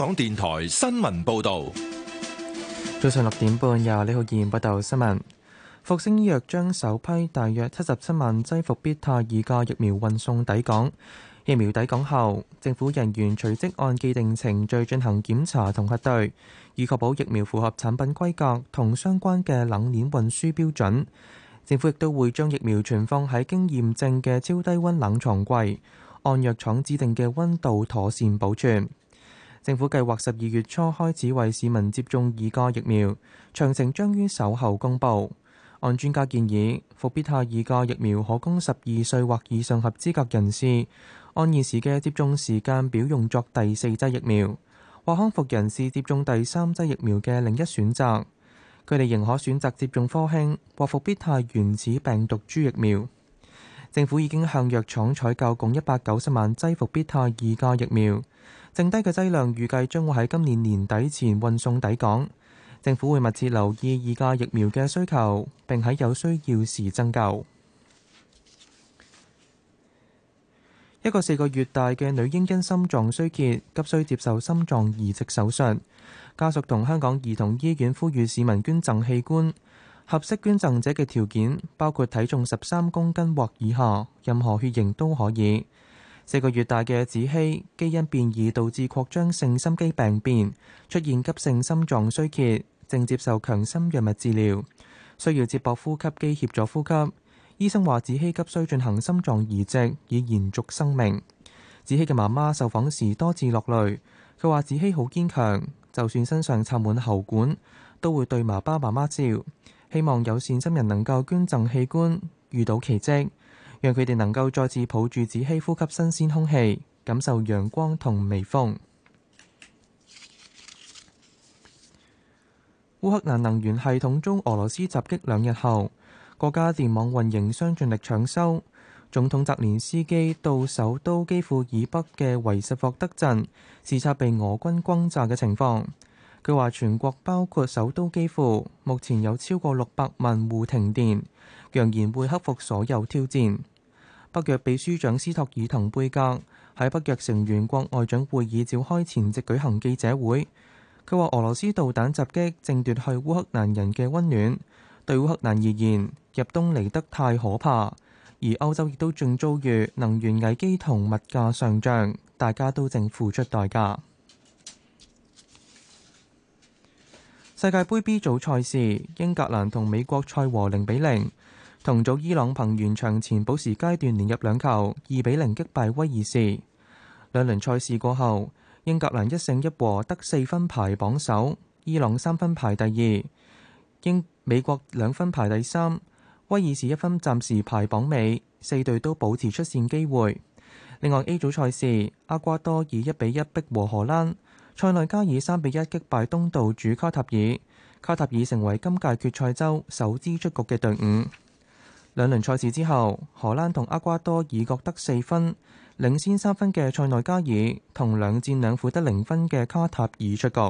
港電台新聞報道，早上六點半廿二號二點報道新聞。復星醫藥將首批大約七十七萬劑伏必泰二價疫苗運送抵港。疫苗抵港後，政府人員隨即按既定程序進行檢查同核對，以確保疫苗符合產品規格同相關嘅冷鏈運輸標準。政府亦都會將疫苗存放喺經驗證嘅超低溫冷藏櫃，按藥廠指定嘅溫度妥善保存。政府計劃十二月初開始為市民接種二價疫苗，詳情將於稍後公布。按專家建議，復必泰二價疫苗可供十二歲或以上合資格人士按現時嘅接種時間表用作第四劑疫苗，或康復人士接種第三劑疫苗嘅另一選擇。佢哋仍可選擇接種科興或復必泰原始病毒株疫苗。政府已經向藥廠採購共一百九十萬劑復必泰二價疫苗。剩低嘅劑量預計將會喺今年年底前運送抵港，政府會密切留意二價疫苗嘅需求，並喺有需要時增購。一個四個月大嘅女嬰因心臟衰竭，急需接受心臟移植手術，家屬同香港兒童醫院呼籲市民捐贈器官。合適捐贈者嘅條件包括體重十三公斤或以下，任何血型都可以。四個月大嘅子希，基因變異導致擴張性心肌病變，出現急性心臟衰竭，正接受強心藥物治療，需要接駁呼吸機協助呼吸。醫生話：子希急需進行心臟移植以延續生命。子希嘅媽媽受訪時多次落淚，佢話：子希好堅強，就算身上插滿喉管，都會對爸爸媽媽笑。希望有善心人能夠捐贈器官，遇到奇蹟。讓佢哋能夠再次抱住子熙，呼吸新鮮空氣，感受陽光同微風。烏克蘭能源系統中俄羅斯襲擊兩日後，國家電網運營商盡力搶修。總統澤連斯基到首都基輔以北嘅維什霍德鎮視察，被俄軍轟炸嘅情況。佢話全國包括首都基輔，目前有超過六百萬戶停電，揚言會克服所有挑戰。北約秘書長斯托爾滕貝格喺北約成員國外長會議召開前夕舉行記者會，佢話俄羅斯導彈襲擊正奪去烏克蘭人嘅溫暖，對烏克蘭而言入冬嚟得太可怕，而歐洲亦都正遭遇能源危機同物價上漲，大家都正付出代價。世界杯 B 組賽事，英格蘭同美國賽和零比零。0, 同組伊朗憑完場前保時階段連入兩球，二比零擊敗威爾士。兩輪賽事過後，英格蘭一勝一和得四分排榜首，伊朗三分排第二，英美國兩分排第三，威爾士一分暫時排榜尾。四隊都保持出線機會。另外 A 組賽事，阿瓜多以一比一逼和荷蘭，塞內加爾三比一擊敗東道主卡塔爾，卡塔爾成為今屆決賽周首支出局嘅隊伍。兩輪賽事之後，荷蘭同厄瓜多爾各得四分，領先三分嘅塞內加爾同兩戰兩負得零分嘅卡塔爾出局。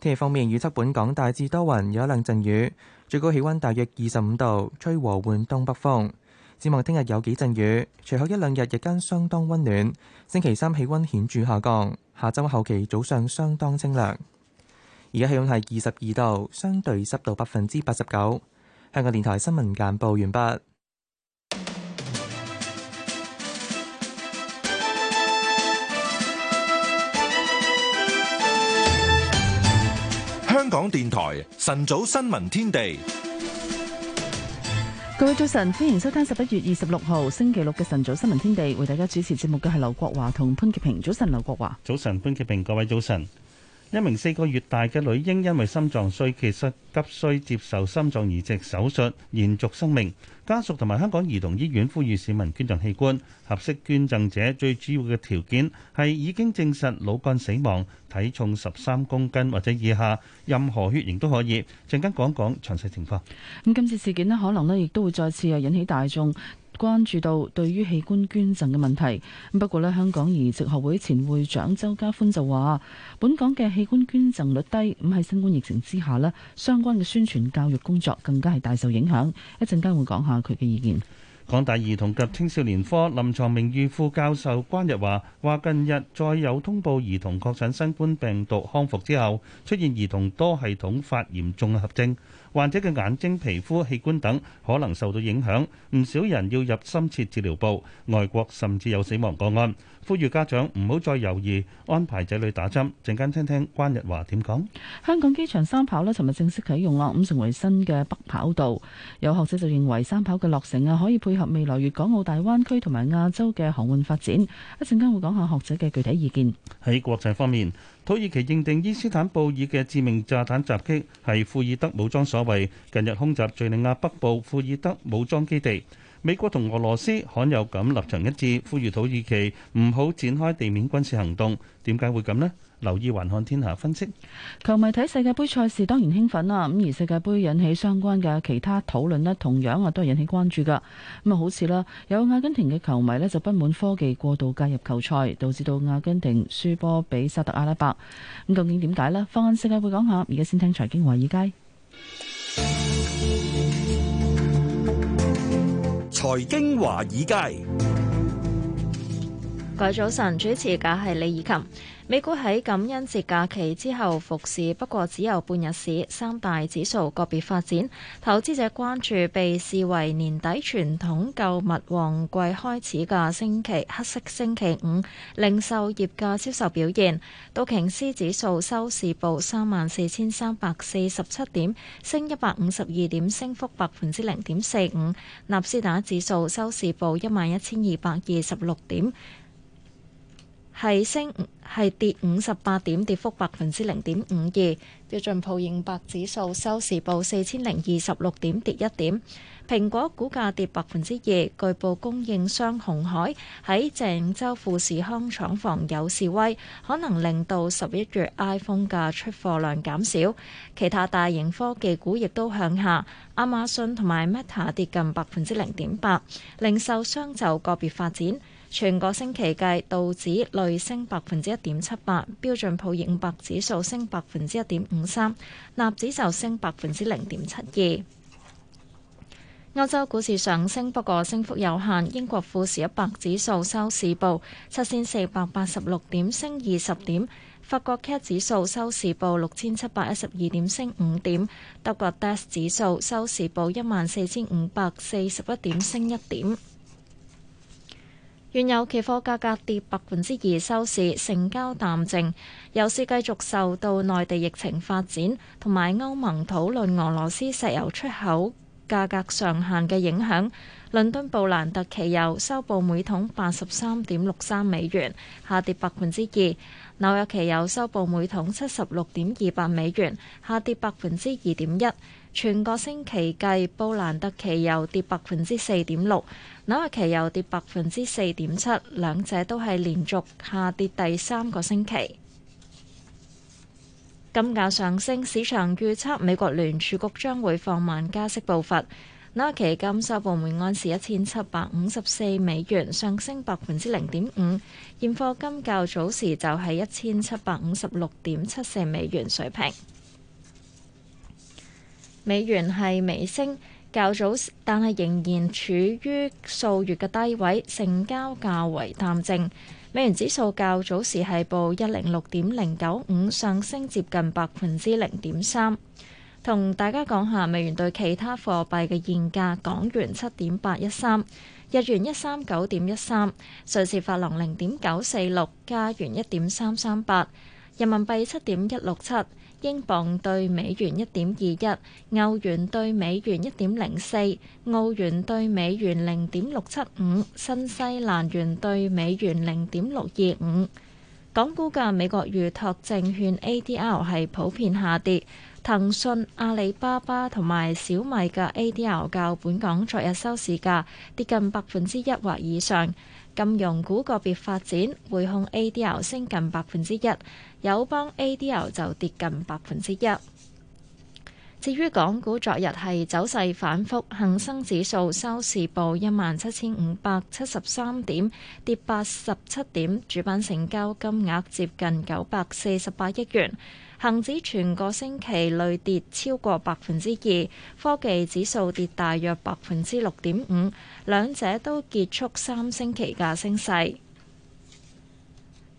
天氣方面，預測本港大致多雲，有一兩陣雨，最高氣温大約二十五度，吹和緩東北風。展望聽日有幾陣雨，隨後一兩日日間相當温暖。星期三氣温顯著下降，下周後期早上相當清涼。而家氣温係二十二度，相對濕度百分之八十九。香港電台新聞簡報完畢。香港電台晨早新聞天地，各位早晨，歡迎收聽十一月二十六號星期六嘅晨早新聞天地，為大家主持節目嘅係劉國華同潘潔平。早晨，劉國華。早晨，潘潔平。各位早晨。一名四個月大嘅女嬰因為心臟衰竭失，急需接受心臟移植手術延續生命。家屬同埋香港兒童醫院呼籲市民捐贈器官。合適捐贈者最主要嘅條件係已經證實腦幹死亡，體重十三公斤或者以下，任何血型都可以。陣間講一講詳細情況。咁今次事件呢，可能呢亦都會再次啊引起大眾關注到對於器官捐贈嘅問題，不過咧，香港移植學會前會長周家歡就話：本港嘅器官捐贈率低，咁喺新冠疫情之下咧，相關嘅宣傳教育工作更加係大受影響。一陣間會講下佢嘅意見。港大兒童及青少年科臨床名譽副教授關日華話：近日再有通報兒童確診新冠病毒康復之後，出現兒童多系統發炎綜合症。患者嘅眼睛、皮膚、器官等可能受到影響，唔少人要入深切治療部，外國甚至有死亡個案。呼籲家長唔好再猶豫，安排仔女打針。陣間聽聽關日華點講。香港機場三跑呢，尋日正式啟用啦，五成為新嘅北跑道。有學者就認為三跑嘅落成啊，可以配合未來粵港澳大灣區同埋亞洲嘅航運發展。一陣間會講下學者嘅具體意見。喺國際方面，土耳其認定伊斯坦布爾嘅致命炸彈襲擊係庫爾德武裝所為。近日空襲敍利亞北部庫爾德武裝基地。美國同俄羅斯罕有咁立場一致，呼籲土耳其唔好展開地面軍事行動。點解會咁呢？留意環看天下分析。球迷睇世界盃賽事當然興奮啦，咁而世界盃引起相關嘅其他討論咧，同樣啊都係引起關注噶。咁啊，好似啦，有阿根廷嘅球迷咧就不滿科技過度介入球賽，導致到阿根廷輸波俾沙特阿拉伯。咁究竟點解呢？放眼世界會講下。而家先聽財經華爾街。財經華爾街。各位早晨主持嘅係李以琴。美股喺感恩節假期之後復市，服不過只有半日市。三大指數個別發展，投資者關注被視為年底傳統購物旺季開始嘅星期黑色星期五，零售業嘅銷售表現，道瓊斯指數收市報三萬四千三百四十七點，升一百五十二點，升幅百分之零點四五。納斯達指數收市報一萬一千二百二十六點。係升係跌五十八點，跌幅百分之零點五二。標準普爾五百指數收市報四千零二十六點，跌一點。蘋果股價跌百分之二，據報供應商鴻海喺鄭州富士康廠房有示威，可能令到十一月 iPhone 嘅出貨量減少。其他大型科技股亦都向下。亞馬遜同埋 Meta 跌近百分之零點八。零售商就個別發展。全個星期計，道指累升百分之一點七八，標準普爾五百指數升百分之一點五三，納指就升百分之零點七二。歐洲股市上升，不過升幅有限。英國富時一百指數收市報七千四百八十六點，升二十點。法國 CAC 指數收市報六千七百一十二點，升五點。德國 DAX 指數收市報一萬四千五百四十一點，升一點。原油期貨價格跌百分之二收市，成交淡靜。油市繼續受到內地疫情發展同埋歐盟討論俄羅斯石油出口價格上限嘅影響。倫敦布蘭特期油收報每桶八十三點六三美元，下跌百分之二。紐約期油收報每桶七十六點二八美元，下跌百分之二點一。全個星期計，布蘭特期油跌百分之四點六。紐約期又跌百分之四點七，兩者都係連續下跌第三個星期。金價上升，市場預測美國聯儲局將會放慢加息步伐。紐約期金收部門安士一千七百五十四美元，上升百分之零點五。現貨金較早時就係一千七百五十六點七四美元水平。美元係微升。較早，但係仍然處於數月嘅低位，成交較為淡靜。美元指數較早時係報一零六點零九五，上升接近百分之零點三。同大家講下，美元對其他貨幣嘅現價：港元七點八一三，日元一三九點一三，瑞士法郎零點九四六，加元一點三三八，人民幣七點一六七。英鎊對美元一點二一，歐元對美元一點零四，澳元對美元零點六七五，新西蘭元對美元零點六二五。港股嘅美國預託證券 ADR 係普遍下跌，騰訊、阿里巴巴同埋小米嘅 ADR 較本港昨日收市價跌近百分之一或以上。金融股個別發展，匯控 ADR 升近百分之一。友邦 A.D.O 就跌近百分之一。至於港股，昨日係走勢反覆，恒生指數收市報一萬七千五百七十三點，跌八十七點，主板成交金額接近九百四十八億元。恒指全個星期累跌超過百分之二，科技指數跌大約百分之六點五，兩者都結束三星期嘅升勢。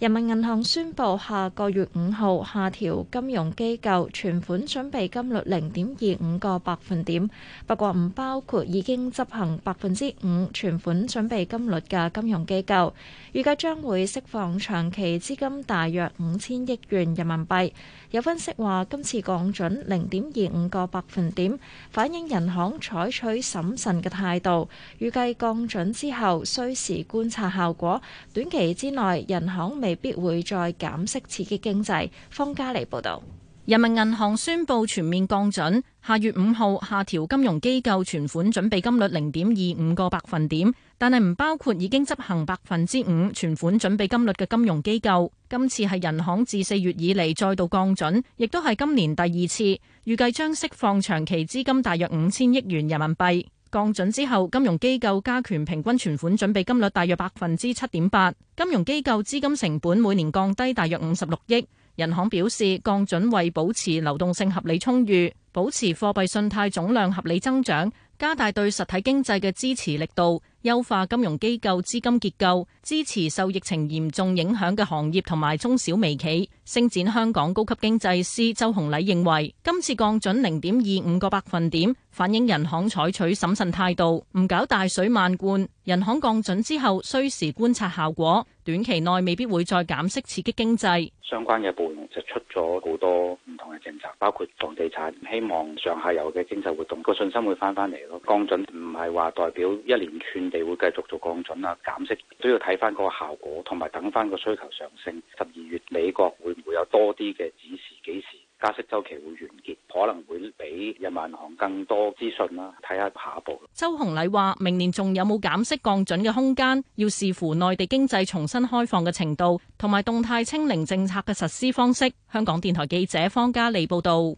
人民銀行宣布下個月五號下調金融機構存款準備金率零點二五個百分點，不過唔包括已經執行百分之五存款準備金率嘅金融機構。預計將會釋放長期資金大約五千億元人民幣。有分析話，今次降準零點二五個百分點，反映人行採取審慎嘅態度。預計降準之後，需時觀察效果，短期之內，人行未必會再減息刺激經濟。方家莉報導，人民銀行宣布全面降準，下月五號下調金融機構存款準備金率零點二五個百分點。但係唔包括已經執行百分之五存款準備金率嘅金融機構。今次係人行自四月以嚟再度降準，亦都係今年第二次。預計將釋放長期資金大約五千億元人民幣。降準之後，金融機構加權平均存款準備金率大約百分之七點八，金融機構資金成本每年降低大約五十六億。人行表示，降準為保持流動性合理充裕，保持貨幣信貸總量合理增長，加大對實體經濟嘅支持力度。優化金融機構資金結構，支持受疫情嚴重影響嘅行業同埋中小微企，星展香港高級經濟師周紅禮認為，今次降準零點二五個百分點，反映人行採取審慎態度，唔搞大水漫灌。人行降準之後，需時觀察效果，短期內未必會再減息刺激經濟。相關嘅部門就出咗好多唔同嘅政策，包括房地產，希望上下游嘅經濟活動個信心會翻翻嚟咯。降準唔係話代表一連串。你會繼續做降準啊，減息都要睇翻個效果，同埋等翻個需求上升。十二月美國會唔會有多啲嘅指示？幾時加息周期會完結？可能會比人民銀行更多資訊啦，睇下下一步。周洪禮話：明年仲有冇減息降準嘅空間？要視乎內地經濟重新開放嘅程度，同埋動態清零政策嘅實施方式。香港電台記者方嘉利報道。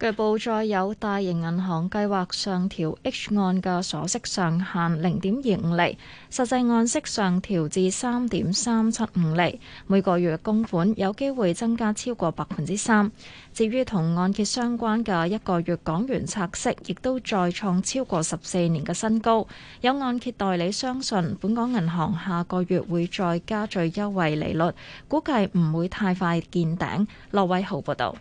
據報，再有大型銀行計劃上調 H 按嘅鎖息上限零點二五厘，實際按息上調至三點三七五厘。每個月供款有機會增加超過百分之三。至於同按揭相關嘅一個月港元拆息，亦都再創超過十四年嘅新高。有按揭代理相信，本港銀行下個月會再加最優惠利率，估計唔會太快見頂。羅偉豪報道。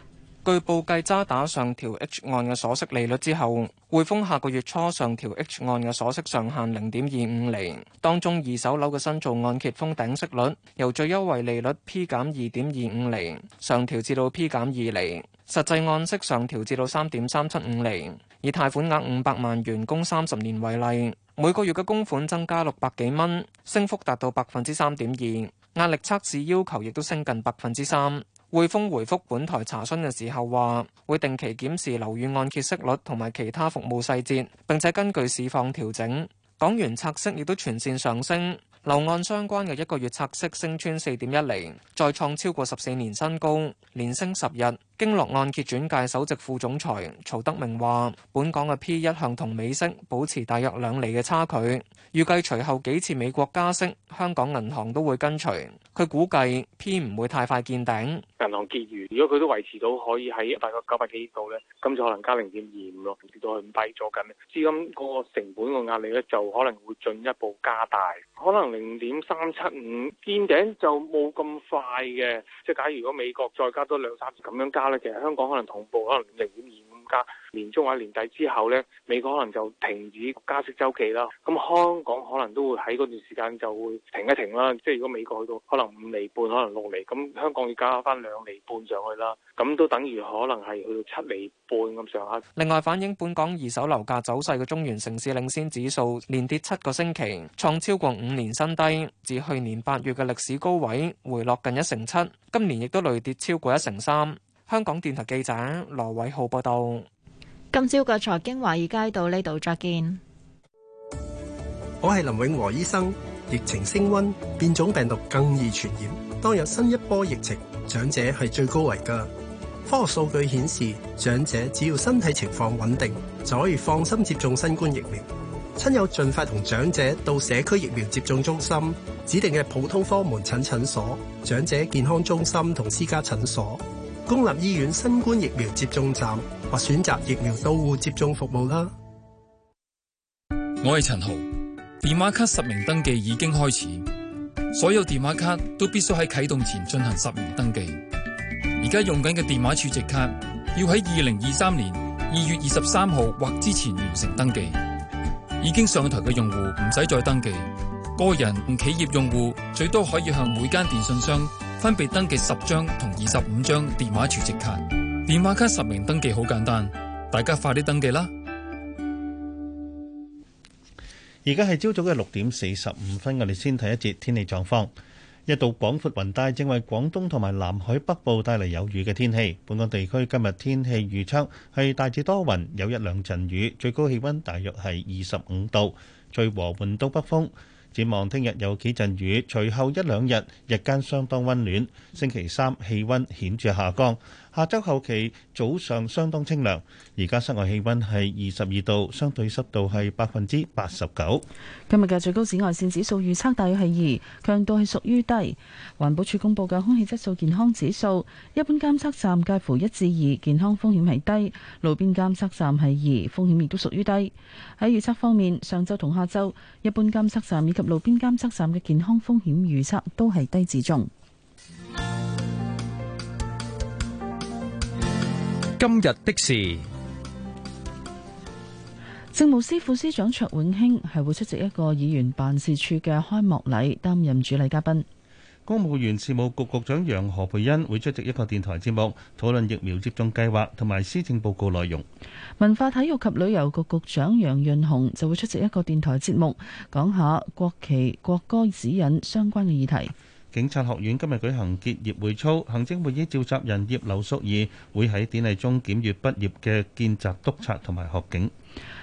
據報，繼渣打上調 H 按嘅鎖息利率之後，匯豐下個月初上調 H 按嘅鎖息上限零點二五厘。當中二手樓嘅新造按揭封頂息率由最優惠利率 P 減二點二五厘上調至到 P 減二厘，實際按息上調至到三點三七五厘。以貸款額五百萬元供三十年為例，每個月嘅供款增加六百幾蚊，升幅達到百分之三點二，壓力測試要求亦都升近百分之三。匯豐回覆本台查詢嘅時候話，會定期檢視樓宇按揭息率同埋其他服務細節，並且根據市況調整。港元拆息亦都全線上升，樓按相關嘅一個月拆息升穿四點一釐，再創超過十四年新高，連升十日。經絡按揭轉介首席副總裁曹德明話，本港嘅 P 一向同美息保持大約兩釐嘅差距，預計隨後幾次美國加息，香港銀行都會跟隨。佢估計 P 唔會太快見頂。銀行結餘，如果佢都維持到可以喺大概九百幾度咧，咁就可能加零點二五咯，跌到去五低咗緊，資金嗰個成本個壓力咧就可能會進一步加大，可能零點三七五見頂就冇咁快嘅。即係假如如果美國再加多兩三次咁樣加。其實香港可能同步，可能零點二五加年中或者年底之後咧，美國可能就停止加息週期啦。咁香港可能都會喺嗰段時間就會停一停啦。即係如果美國去到可能五厘半，可能六厘，咁香港要加翻兩厘半上去啦。咁都等於可能係去到七厘半咁上下。另外，反映本港二手樓價走勢嘅中原城市領先指數連跌七個星期，創超過五年新低，自去年八月嘅歷史高位回落近一成七，今年亦都累跌超過一成三。香港電台記者羅偉浩報道。今朝嘅財經華爾街到呢度再見。我係林永和醫生。疫情升溫，變種病毒更易傳染，當有新一波疫情，長者係最高危噶。科學數據顯示，長者只要身體情況穩定，就可以放心接種新冠疫苗。親友盡快同長者到社區疫苗接種中心指定嘅普通科門診診所、長者健康中心同私家診所。公立醫院新冠疫苗接種站或選擇疫苗到戶接種服務啦。我係陳豪，電話卡實名登記已經開始，所有電話卡都必須喺啟動前進行實名登記。而家用緊嘅電話儲值卡要喺二零二三年二月二十三號或之前完成登記。已經上台嘅用戶唔使再登記。個人同企業用戶最多可以向每間電信商分別登記十張同二十五張電話儲值卡。電話卡實名登記好簡單，大家快啲登記啦！而家係朝早嘅六點四十五分，我哋先睇一節天氣狀況。一道廣闊雲帶正為廣東同埋南海北部帶嚟有雨嘅天氣。本港地區今日天氣預測係大致多雲，有一兩陣雨，最高氣温大約係二十五度，吹和緩東北風。展望聽日有幾陣雨，隨後一兩日日間相當温暖。星期三氣温顯著下降。下周後期早上相當清涼，而家室外氣温係二十二度，相對濕度係百分之八十九。今日嘅最高紫外線指數預測大約係二，強度係屬於低。環保署公佈嘅空氣質素健康指數，一般監測站介乎一至二，健康風險係低；路邊監測站係二，風險亦都屬於低。喺預測方面，上週同下週，一般監測站以及路邊監測站嘅健康風險預測都係低至中。今日的事，政務司副司長卓永興係會出席一個議員辦事處嘅開幕禮，擔任主禮嘉賓。公務員事務局局，局長楊何蓓茵會出席一個電台節目，討論疫苗接種計劃同埋施政報告內容。文化體育及旅遊局局長楊潤雄就會出席一個電台節目，講下國旗國歌指引相關嘅議題。警察學院今日舉行結業會操，行政會議召集人葉劉淑儀會喺典禮中檢閱畢業嘅見習督察同埋學警。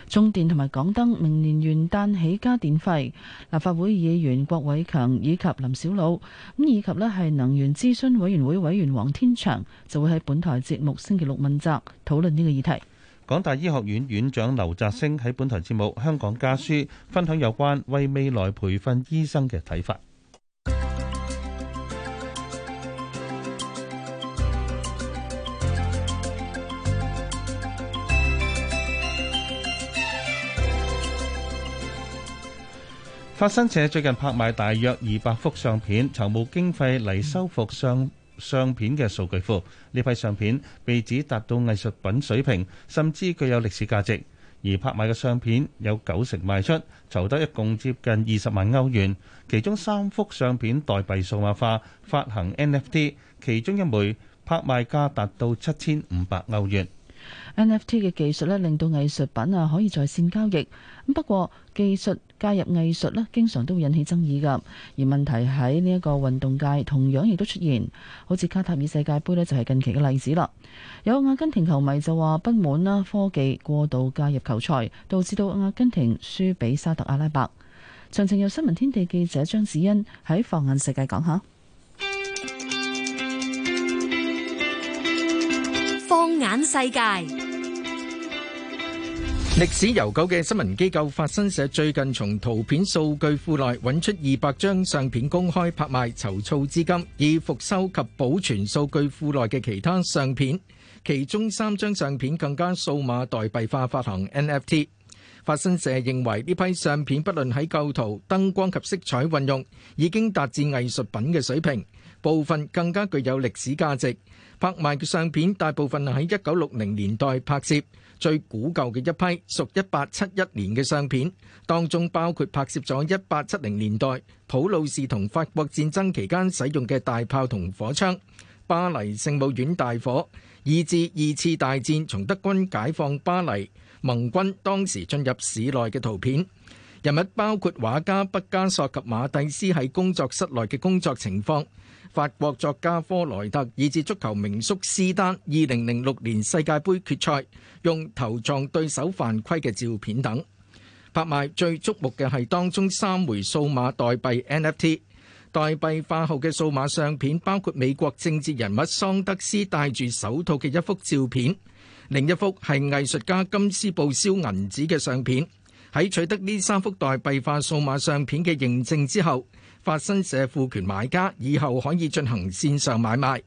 中電同埋港燈明年元旦起加電費。立法會議員郭偉強以及林小魯，咁以及咧係能源諮詢委員會委員黃天祥，就會喺本台節目星期六問責討論呢個議題。港大醫學院院長劉澤星喺本台節目《香港家書》分享有關為未來培訓醫生嘅睇法。法新社最近拍賣大約二百幅相片，籌募經費嚟修復相相片嘅數據庫。呢批相片被指達到藝術品水平，甚至具有歷史價值。而拍賣嘅相片有九成賣出，籌得一共接近二十萬歐元。其中三幅相片代幣數碼化發行 NFT，其中一枚拍賣價達到七千五百歐元。NFT 嘅技術咧，令到藝術品啊可以在線交易。不過技術。加入藝術咧，經常都會引起爭議噶。而問題喺呢一個運動界，同樣亦都出現，好似卡塔爾世界盃咧，就係近期嘅例子啦。有阿根廷球迷就話不滿啦，科技過度加入球賽，導致到阿根廷輸俾沙特阿拉伯。詳情由新聞天地記者張子欣喺放眼世界講下。放眼世界。歷史悠久嘅新聞機構法新社最近從圖片數據庫內揾出二百張相片公開拍賣籌措資金，以復修及保存數據庫內嘅其他相片。其中三張相片更加數碼代幣化發行 NFT。法新社認為呢批相片不論喺構圖、燈光及色彩運用，已經達至藝術品嘅水平，部分更加具有歷史價值。拍賣嘅相片大部分喺一九六零年代拍攝。最古舊嘅一批，屬一八七一年嘅相片，當中包括拍攝咗一八七零年代普魯士同法國戰爭期間使用嘅大炮同火槍、巴黎聖母院大火，以至二次大戰從德軍解放巴黎、盟軍當時進入市內嘅圖片。人物包括畫家畢加索及馬蒂斯喺工作室內嘅工作情況。法國作家科萊特以至足球名宿斯丹二零零六年世界杯決賽用頭撞對手犯規嘅照片等拍賣。最觸目嘅係當中三枚數碼代幣 NFT 代幣化後嘅數碼相片，包括美國政治人物桑德斯戴住手套嘅一幅照片，另一幅係藝術家金斯布燒銀紙嘅相片。喺取得呢三幅代幣化數碼相片嘅認證之後。發生社庫權買家以後可以進行線上買賣、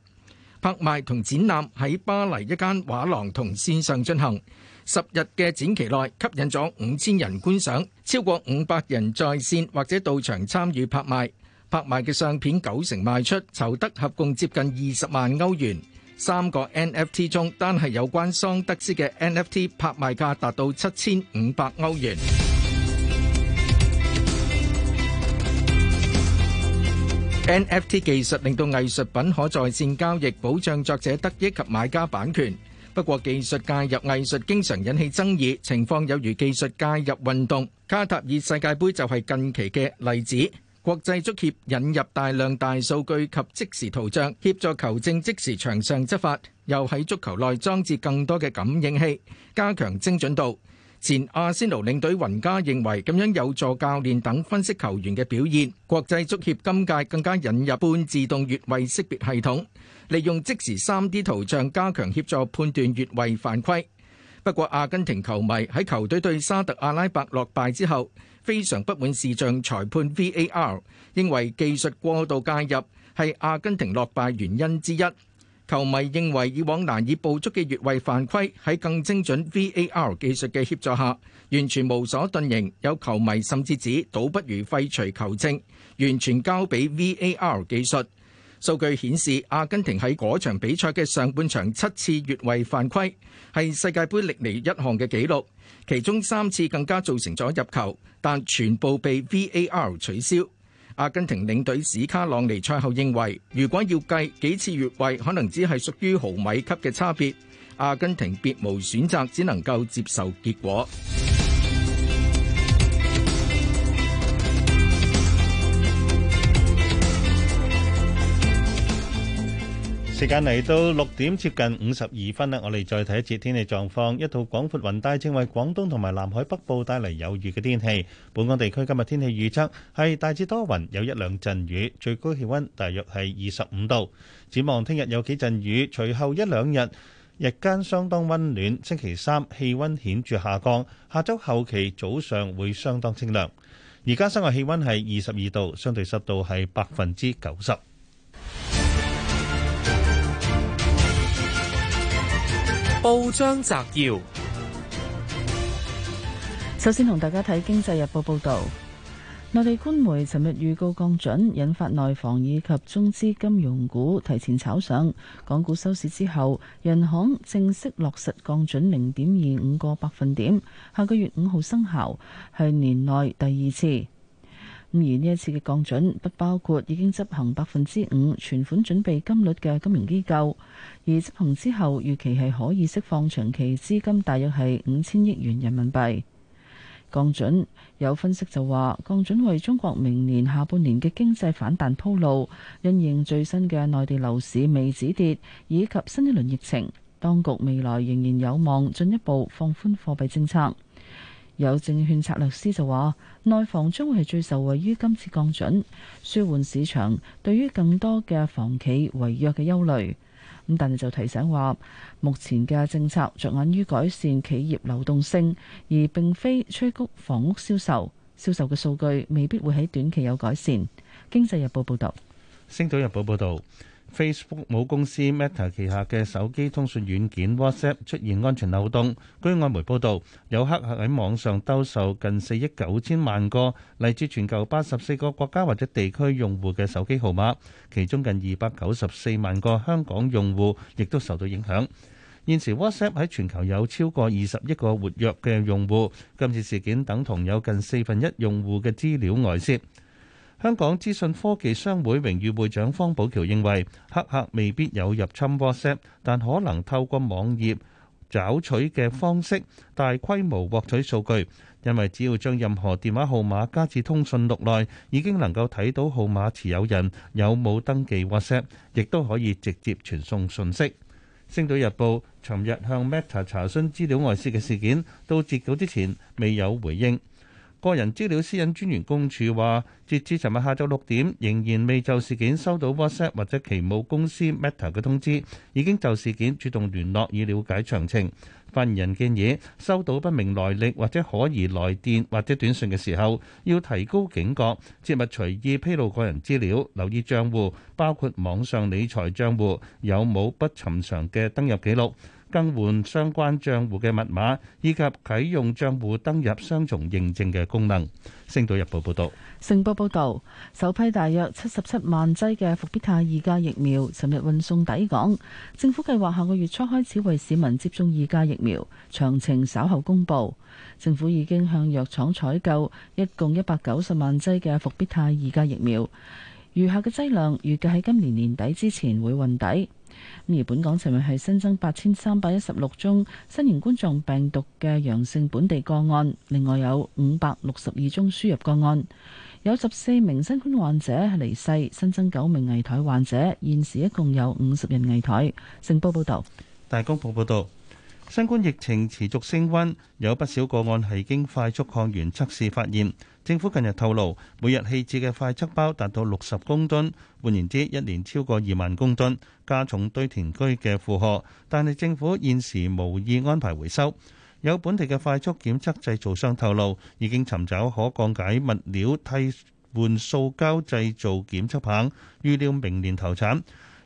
拍賣同展覽。喺巴黎一間畫廊同線上進行，十日嘅展期內吸引咗五千人觀賞，超過五百人在線或者到場參與拍賣，拍賣嘅相片九成賣出，籌得合共接近二十萬歐元。三個 NFT 中單係有關桑德斯嘅 NFT 拍賣價達到七千五百歐元。NFT 技術令到藝術品可在線交易，保障作者得益及買家版權。不過，技術介入藝術經常引起爭議，情況有如技術介入運動。卡塔爾世界盃就係近期嘅例子。國際足協引入大量大數據及即時圖像，協助球證即時場上執法，又喺足球內裝置更多嘅感應器，加強精準度。前阿仙奴領隊雲加認為，咁樣有助教練等分析球員嘅表現，國際足協今屆更加引入半自動越位識別系統，利用即時 3D 圖像加強協助判斷越位犯規。不過阿根廷球迷喺球隊對沙特阿拉伯落敗之後，非常不滿視像裁判 VAR，認為技術過度介入係阿根廷落敗原因之一。球迷認為以往難以捕捉嘅越位犯規喺更精準 V A R 技術嘅協助下，完全無所遁形。有球迷甚至指，倒不如廢除球證，完全交俾 V A R 技術。數據顯示，阿根廷喺嗰場比賽嘅上半場七次越位犯規，係世界盃歷嚟一項嘅紀錄，其中三次更加造成咗入球，但全部被 V A R 取消。阿根廷領隊史卡朗尼賽後認為，如果要計幾次越位，可能只係屬於毫米級嘅差別。阿根廷別無選擇，只能夠接受結果。時間嚟到六點接近五十二分啦，我哋再睇一次天氣狀況。一道廣闊雲帶正為廣東同埋南海北部帶嚟有雨嘅天氣。本港地區今日天氣預測係大致多雲，有一兩陣雨，最高氣温大約係二十五度。展望聽日有幾陣雨，隨後一兩日日間相當温暖。星期三氣温顯著下降，下週後期早上會相當清涼。而家室外氣温係二十二度，相對濕度係百分之九十。報章摘要：首先同大家睇《經濟日報》報道，內地官媒尋日預告降準，引發內房以及中資金融股提前炒上。港股收市之後，人行正式落實降準零點二五個百分點，下個月五號生效，係年內第二次。而呢一次嘅降準不包括已經執行百分之五存款準備金率嘅金融機構，而執行之後預期係可以釋放長期資金大約係五千億元人民幣。降準有分析就話，降準為中國明年下半年嘅經濟反彈鋪路，因應最新嘅內地樓市未止跌以及新一輪疫情，當局未來仍然有望進一步放寬貨幣政策。有證券策略師就話：內房將會係最受惠於今次降準，舒緩市場對於更多嘅房企違約嘅憂慮。咁但係就提醒話，目前嘅政策着眼於改善企業流動性，而並非催谷房屋銷售。銷售嘅數據未必會喺短期有改善。經濟日報報道。星島日報報導。Facebook 母公司 Meta 旗下嘅手機通訊軟件 WhatsApp 出現安全漏洞。據外媒報導，有黑客喺網上兜售近四億九千萬個嚟自全球八十四個國家或者地區用戶嘅手機號碼，其中近二百九十四萬個香港用戶亦都受到影響。現時 WhatsApp 喺全球有超過二十億個活躍嘅用戶，今次事件等同有近四分一用戶嘅資料外洩。香港資訊科技商會榮譽會長方寶橋認為，黑客未必有入侵 WhatsApp，但可能透過網頁找取嘅方式大規模獲取數據，因為只要將任何電話號碼加至通訊錄內，已經能夠睇到號碼持有人有冇登記 WhatsApp，亦都可以直接傳送信息。星島日報尋日向 Meta 查詢資料外泄嘅事件，到截稿之前未有回應。個人資料私隱專員公署話，截至尋日下晝六點，仍然未就事件收到 WhatsApp 或者其母公司 Meta 嘅通知，已經就事件主動聯絡以了解詳情。發言人建議收到不明來歷或者可疑來電或者短信嘅時候，要提高警覺，切勿隨意披露個人資料，留意帳戶，包括網上理財帳戶，有冇不尋常嘅登入記錄。更換相關賬戶嘅密碼，以及啟用賬戶登入雙重認證嘅功能。星島日報報道，星報報道，首批大約七十七萬劑嘅復必泰二價疫苗，尋日運送抵港。政府計劃下個月初開始為市民接種二價疫苗，詳情稍後公布。政府已經向藥廠採購一共一百九十萬劑嘅復必泰二價疫苗。餘下嘅劑量預計喺今年年底之前會運抵。而本港尋日係新增八千三百一十六宗新型冠狀病毒嘅陽性本地個案，另外有五百六十二宗輸入個案，有十四名新冠患者係離世，新增九名危殆患者，現時一共有五十人危殆。成報報導，大公報報導，新冠疫情持續升溫，有不少個案係經快速抗原測試發現。政府近日透露，每日棄置嘅快測包達到六十公噸，換言之，一年超過二萬公噸，加重堆填區嘅負荷。但係政府現時無意安排回收。有本地嘅快速檢測製造商透露，已經尋找可降解物料替換塑膠製造檢測棒，預料明年投產。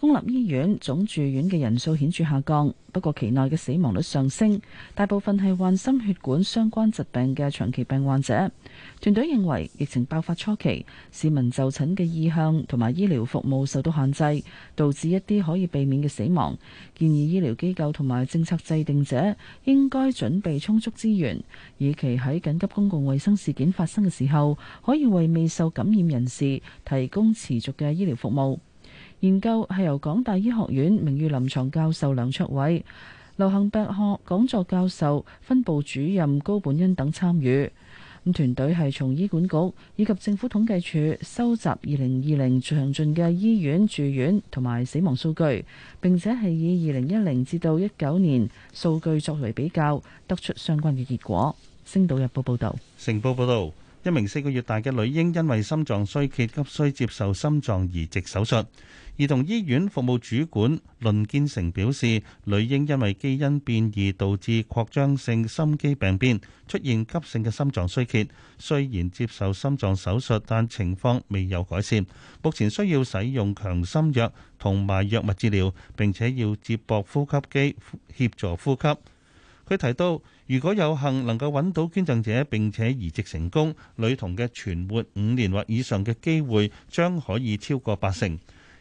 公立醫院總住院嘅人數顯著下降，不過期內嘅死亡率上升，大部分係患心血管相關疾病嘅長期病患者。團隊認為，疫情爆發初期，市民就診嘅意向同埋醫療服務受到限制，導致一啲可以避免嘅死亡。建議醫療機構同埋政策制定者應該準備充足資源，以期喺緊急公共衛生事件發生嘅時候，可以為未受感染人士提供持續嘅醫療服務。研究係由港大醫學院名譽臨床教授梁卓偉、流行病學講座教授、分部主任高本恩等參與。咁團隊係從醫管局以及政府統計處收集2020詳盡嘅醫院住院同埋死亡數據，並且係以二零一零至到一九年數據作為比較，得出相關嘅結果。星島日報報道，成報報道，一名四個月大嘅女嬰因為心臟衰竭,竭，急需接受心臟移植手術。兒童醫院服務主管倫建成表示，女嬰因為基因變異導致擴張性心肌病變，出現急性嘅心臟衰竭。雖然接受心臟手術，但情況未有改善。目前需要使用強心藥同埋藥物治療，並且要接駁呼吸機協助呼吸。佢提到，如果有幸能夠揾到捐贈者並且移植成功，女童嘅存活五年或以上嘅機會將可以超過八成。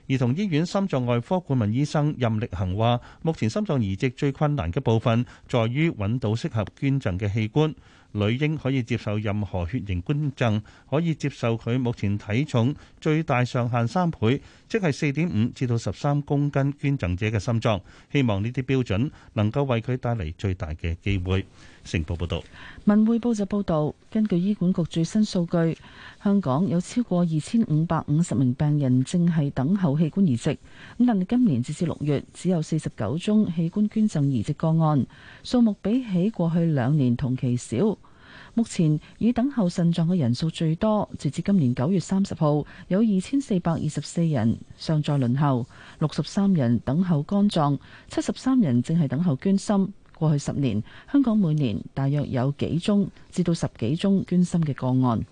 兒童醫院心臟外科顧問醫生任力恒話：目前心臟移植最困難嘅部分，在於揾到適合捐贈嘅器官。女嬰可以接受任何血型捐贈，可以接受佢目前體重最大上限三倍，即係四點五至到十三公斤捐贈者嘅心臟，希望呢啲標準能夠為佢帶嚟最大嘅機會。成報報道，文匯報就報道，根據醫管局最新數據，香港有超過二千五百五十名病人正係等候器官移植。咁但今年截至六月，只有四十九宗器官捐贈移植個案，數目比起過去兩年同期少。目前以等候腎臟嘅人數最多，直至今年九月三十號，有二千四百二十四人尚在輪候，六十三人等候肝臟，七十三人正係等候捐心。過去十年，香港每年大約有幾宗至到十幾宗捐心嘅個案。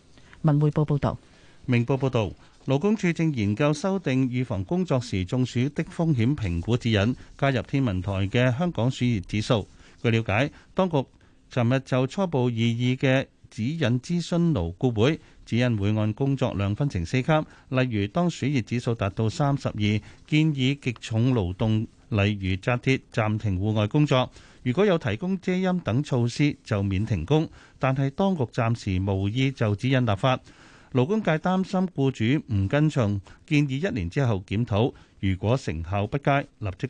文匯報報道，明報報道，勞工處正研究修訂預防工作時中暑的風險評估指引，加入天文台嘅香港暑熱指數，據了解，當局。尋日就初步擬議嘅指引諮詢勞顧會，指引會按工作量分成四級，例如當暑熱指數達到三十二，建議極重勞動，例如紮鐵，暫停戶外工作。如果有提供遮陰等措施，就免停工。但係當局暫時無意就指引立法，勞工界擔心僱主唔跟從，建議一年之後檢討。如果成效不佳，立即，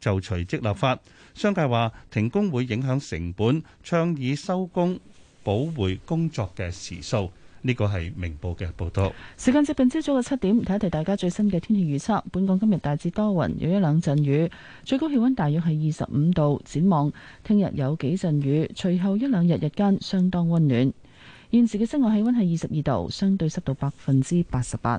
就隨即立法，商界話停工會影響成本，倡議收工補回工作嘅時數。呢個係明報嘅報導。時間接近朝早嘅七點，睇一睇大家最新嘅天氣預測。本港今日大致多雲，有一兩陣雨，最高氣温大約係二十五度。展望聽日有幾陣雨，隨後一兩日日間相當温暖。現時嘅室外氣温係二十二度，相對濕度百分之八十八。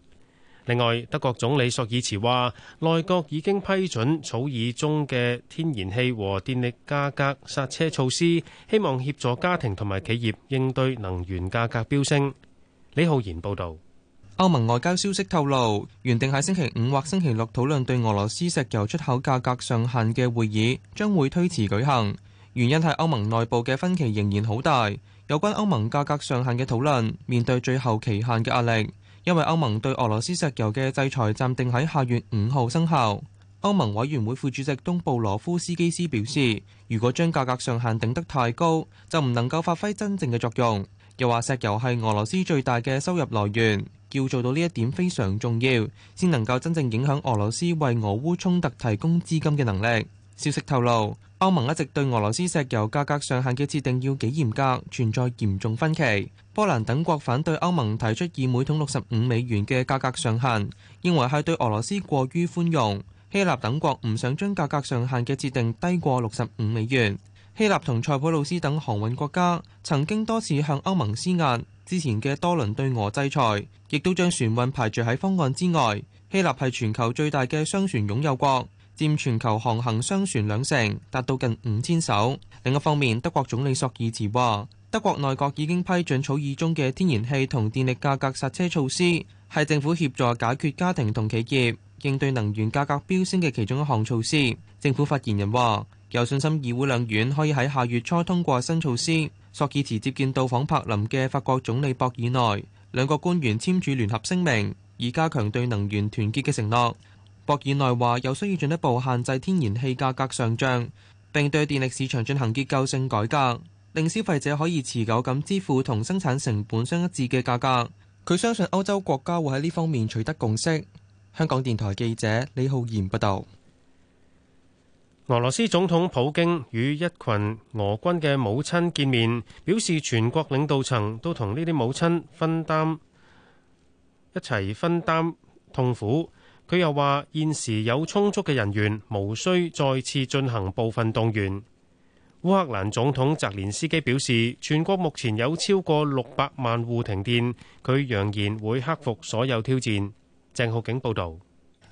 另外，德國總理索爾茨話，內閣已經批准草擬中嘅天然氣和電力價格剎車措施，希望協助家庭同埋企業應對能源價格飆升。李浩然報導。歐盟外交消息透露，原定喺星期五或星期六討論對俄羅斯石油出口價格上限嘅會議，將會推遲舉行，原因係歐盟內部嘅分歧仍然好大，有關歐盟價格上限嘅討論面對最後期限嘅壓力。因為歐盟對俄羅斯石油嘅制裁暫定喺下月五號生效，歐盟委員會副主席東布羅夫斯基斯表示，如果將價格上限定得太高，就唔能夠發揮真正嘅作用。又話石油係俄羅斯最大嘅收入來源，要做到呢一點非常重要，先能夠真正影響俄羅斯為俄烏衝突提供資金嘅能力。消息透露。歐盟一直對俄羅斯石油價格上限嘅設定要幾嚴格，存在嚴重分歧。波蘭等國反對歐盟提出以每桶六十五美元嘅價格上限，認為係對俄羅斯過於寬容。希臘等國唔想將價格上限嘅設定低過六十五美元。希臘同塞浦路斯等航運國家曾經多次向歐盟施壓，之前嘅多輪對俄制裁，亦都將船運排除喺方案之外。希臘係全球最大嘅商船擁有國。佔全球航行商船兩成，達到近五千艘。另一方面，德國總理索爾茨話，德國內閣已經批准草擬中嘅天然氣同電力價格剎車措施，係政府協助解決家庭同企業應對能源價格飆升嘅其中一項措施。政府發言人話有信心，議會兩院可以喺下月初通過新措施。索爾茨接見到訪柏林嘅法國總理博爾內，兩個官員簽署聯合聲明，以加強對能源團結嘅承諾。博爾內話：有需要進一步限制天然氣價格上漲，並對電力市場進行結構性改革，令消費者可以持久咁支付同生產成本相一致嘅價格。佢相信歐洲國家會喺呢方面取得共識。香港電台記者李浩然報道。俄羅斯總統普京與一群俄軍嘅母親見面，表示全國領導層都同呢啲母親分擔，一齊分擔痛苦。佢又話：現時有充足嘅人員，無需再次進行部分動員。烏克蘭總統澤連斯基表示，全國目前有超過六百萬戶停電。佢揚言會克服所有挑戰。鄭浩景報導。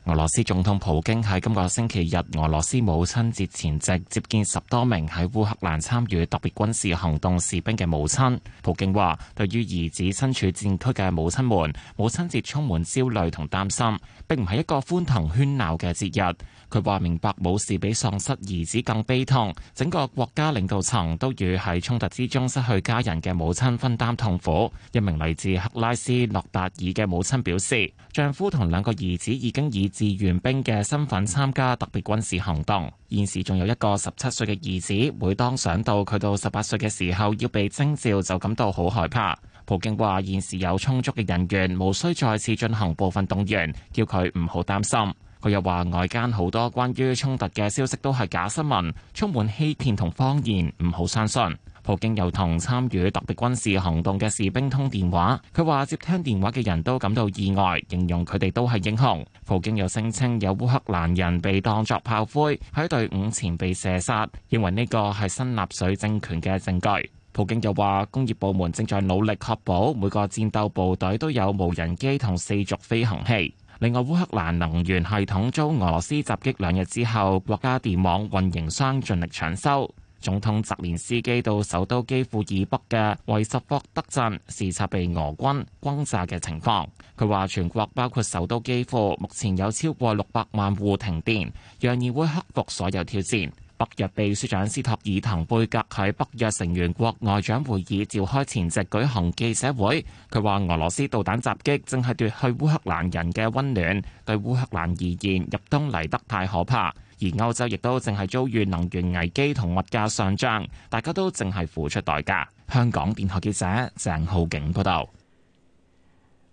俄羅斯總統普京喺今個星期日俄羅斯母親節前夕接見十多名喺烏克蘭參與特別軍事行動士兵嘅母親。普京話，對於兒子身處戰區嘅母親們，母親節充滿焦慮同擔心，並唔係一個歡騰喧鬧嘅節日。佢話明白冇事比喪失兒子更悲痛，整個國家領導層都與喺衝突之中失去家人嘅母親分擔痛苦。一名嚟自克拉斯諾達爾嘅母親表示，丈夫同兩個兒子已經以志願兵嘅身份參加特別軍事行動，現時仲有一個十七歲嘅兒子，每當想到佢到十八歲嘅時候要被徵召，就感到好害怕。普京話現時有充足嘅人員，無需再次進行部分動員，叫佢唔好擔心。佢又話：外間好多關於衝突嘅消息都係假新聞，充滿欺騙同謊言，唔好相信。普京又同參與特別軍事行動嘅士兵通電話，佢話接聽電話嘅人都感到意外，形容佢哋都係英雄。普京又聲稱有烏克蘭人被當作炮灰喺隊伍前被射殺，認為呢個係新納粹政權嘅證據。普京又話：工業部門正在努力確保每個戰鬥部隊都有無人機同四軸飛行器。另外，烏克蘭能源系統遭俄羅斯襲擊兩日之後，國家電網運營商盡力搶修。總統澤連斯基到首都基輔以北嘅維什霍德鎮視察被俄軍轟炸嘅情況。佢話：全國包括首都基輔，目前有超過六百萬戶停電，揚言會克服所有挑戰。北約秘書長斯托爾滕貝格喺北約成員國外長會議召開前夕舉行記者會，佢話俄羅斯導彈襲擊正係奪去烏克蘭人嘅溫暖，對烏克蘭而言入冬嚟得太可怕，而歐洲亦都正係遭遇能源危機同物價上漲，大家都正係付出代價。香港電台記者鄭浩景報道。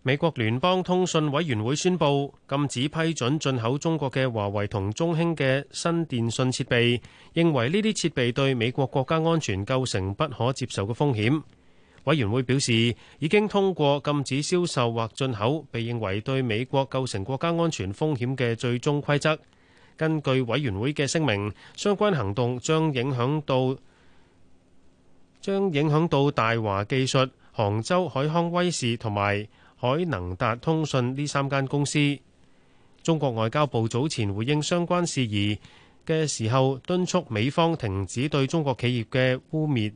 美國聯邦通訊委員會宣布禁止批准進口中國嘅華為同中興嘅新電信設備，認為呢啲設備對美國國家安全構成不可接受嘅風險。委員會表示已經通過禁止銷售或進口被認為對美國構成國家安全風險嘅最終規則。根據委員會嘅聲明，相關行動將影響到將影響到大華技術、杭州海康威視同埋海能達通訊呢三間公司，中國外交部早前回應相關事宜嘅時候，敦促美方停止對中國企業嘅污衊、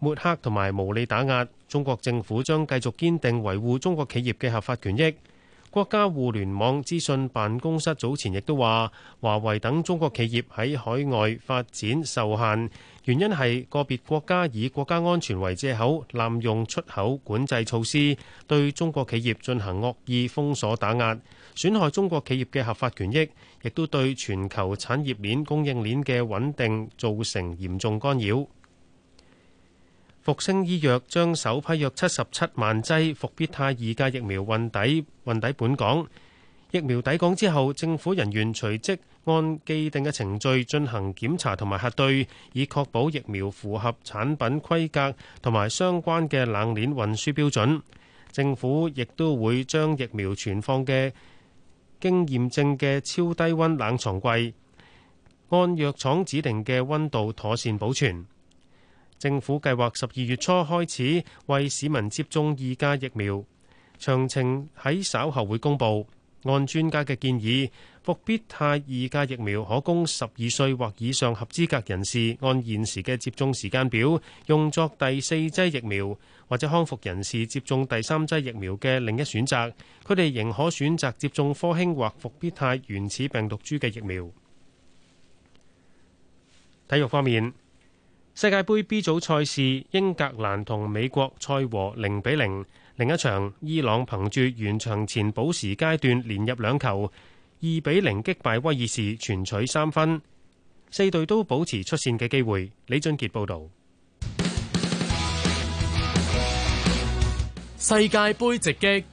抹黑同埋無理打壓。中國政府將繼續堅定維護中國企業嘅合法權益。國家互聯網資訊辦公室早前亦都話，華為等中國企業喺海外發展受限，原因係個別國家以國家安全為借口，濫用出口管制措施，對中國企業進行惡意封鎖打壓，損害中國企業嘅合法權益，亦都對全球產業鏈供應鏈嘅穩定造成嚴重干擾。復星醫藥將首批約七十七萬劑復必泰二價疫苗運抵運抵本港。疫苗抵港之後，政府人員隨即按既定嘅程序進行檢查同埋核對，以確保疫苗符合產品規格同埋相關嘅冷鏈運輸標準。政府亦都會將疫苗存放嘅經驗證嘅超低溫冷藏櫃，按藥廠指定嘅溫度妥善保存。政府計劃十二月初開始為市民接種二價疫苗，詳情喺稍後會公布。按專家嘅建議，復必泰二價疫苗可供十二歲或以上合資格人士按現時嘅接種時間表用作第四劑疫苗，或者康復人士接種第三劑疫苗嘅另一選擇。佢哋仍可選擇接種科興或復必泰原始病毒株嘅疫苗。體育方面。世界杯 B 組賽事，英格蘭同美國賽和零比零。另一場，伊朗憑住完場前補時階段連入兩球，二比零擊敗威爾士，全取三分。四隊都保持出線嘅機會。李俊杰報道。世界杯直擊，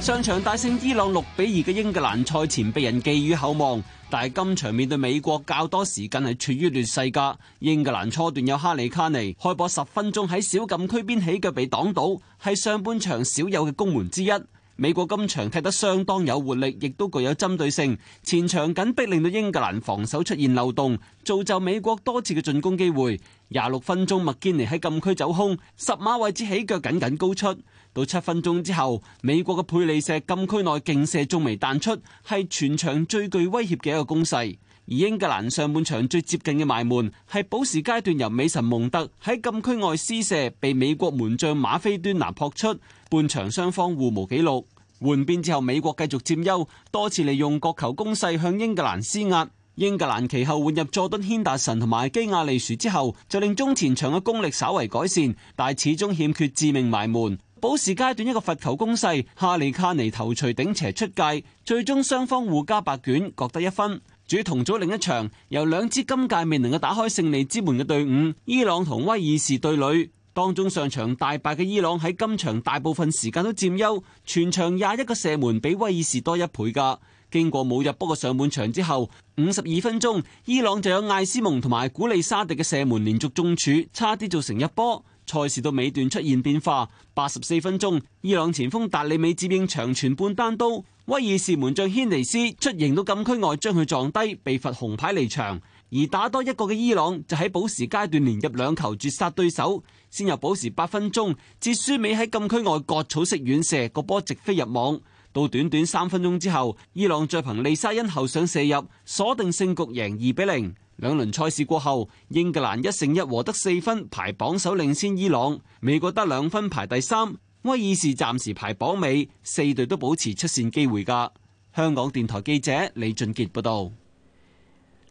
上場大勝伊朗六比二嘅英格蘭，賽前被人寄予厚望。但係今場面對美國較多時間係處於劣勢噶。英格蘭初段有哈利卡尼開波十分鐘喺小禁區邊起腳被擋到，係上半場少有嘅攻門之一。美國今場踢得相當有活力，亦都具有針對性，前場緊逼，令到英格蘭防守出現漏洞，造就美國多次嘅進攻機會。廿六分鐘麥堅尼喺禁區走空，十碼位置起腳僅僅高出。到七分鐘之後，美國嘅佩里射禁區內勁射，仲未彈出，係全場最具威脅嘅一個攻勢。而英格蘭上半場最接近嘅埋門，係補時階段由美神蒙特喺禁區外施射，被美國門將馬菲端拿撲出。半場雙方互無紀錄，換邊之後，美國繼續佔優，多次利用角球攻勢向英格蘭施壓。英格蘭其後換入佐敦軒達臣同埋基亞利殊之後，就令中前場嘅功力稍為改善，但係始終欠缺致命埋門。補時階段一個罰球攻勢，哈利卡尼頭錘頂斜出界，最終雙方互加白卷，各得一分。至於同組另一場，由兩支今屆未能夠打開勝利之門嘅隊伍，伊朗同威爾士對壘。當中上場大敗嘅伊朗喺今場大部分時間都佔優，全場廿一個射門比威爾士多一倍噶。經過冇入波嘅上半場之後，五十二分鐘，伊朗就有艾斯蒙同埋古利沙迪嘅射門連續中柱，差啲做成一波。賽事到尾段出現變化，八十四分鐘，伊朗前鋒達里美接應長傳半單刀，威爾士門將軒尼斯出迎到禁區外將佢撞低，被罰紅牌離場。而打多一個嘅伊朗就喺補時階段連入兩球絕殺對手，先由補時八分鐘，哲舒美喺禁區外割草式遠射，個波直飛入網。到短短三分鐘之後，伊朗再憑利沙恩後上射入，鎖定勝局贏，贏二比零。兩輪賽事過後，英格蘭一勝一和得四分排榜首，領先伊朗；美國得兩分排第三，威爾士暫時排榜尾。四隊都保持出線機會噶。香港電台記者李俊杰報道。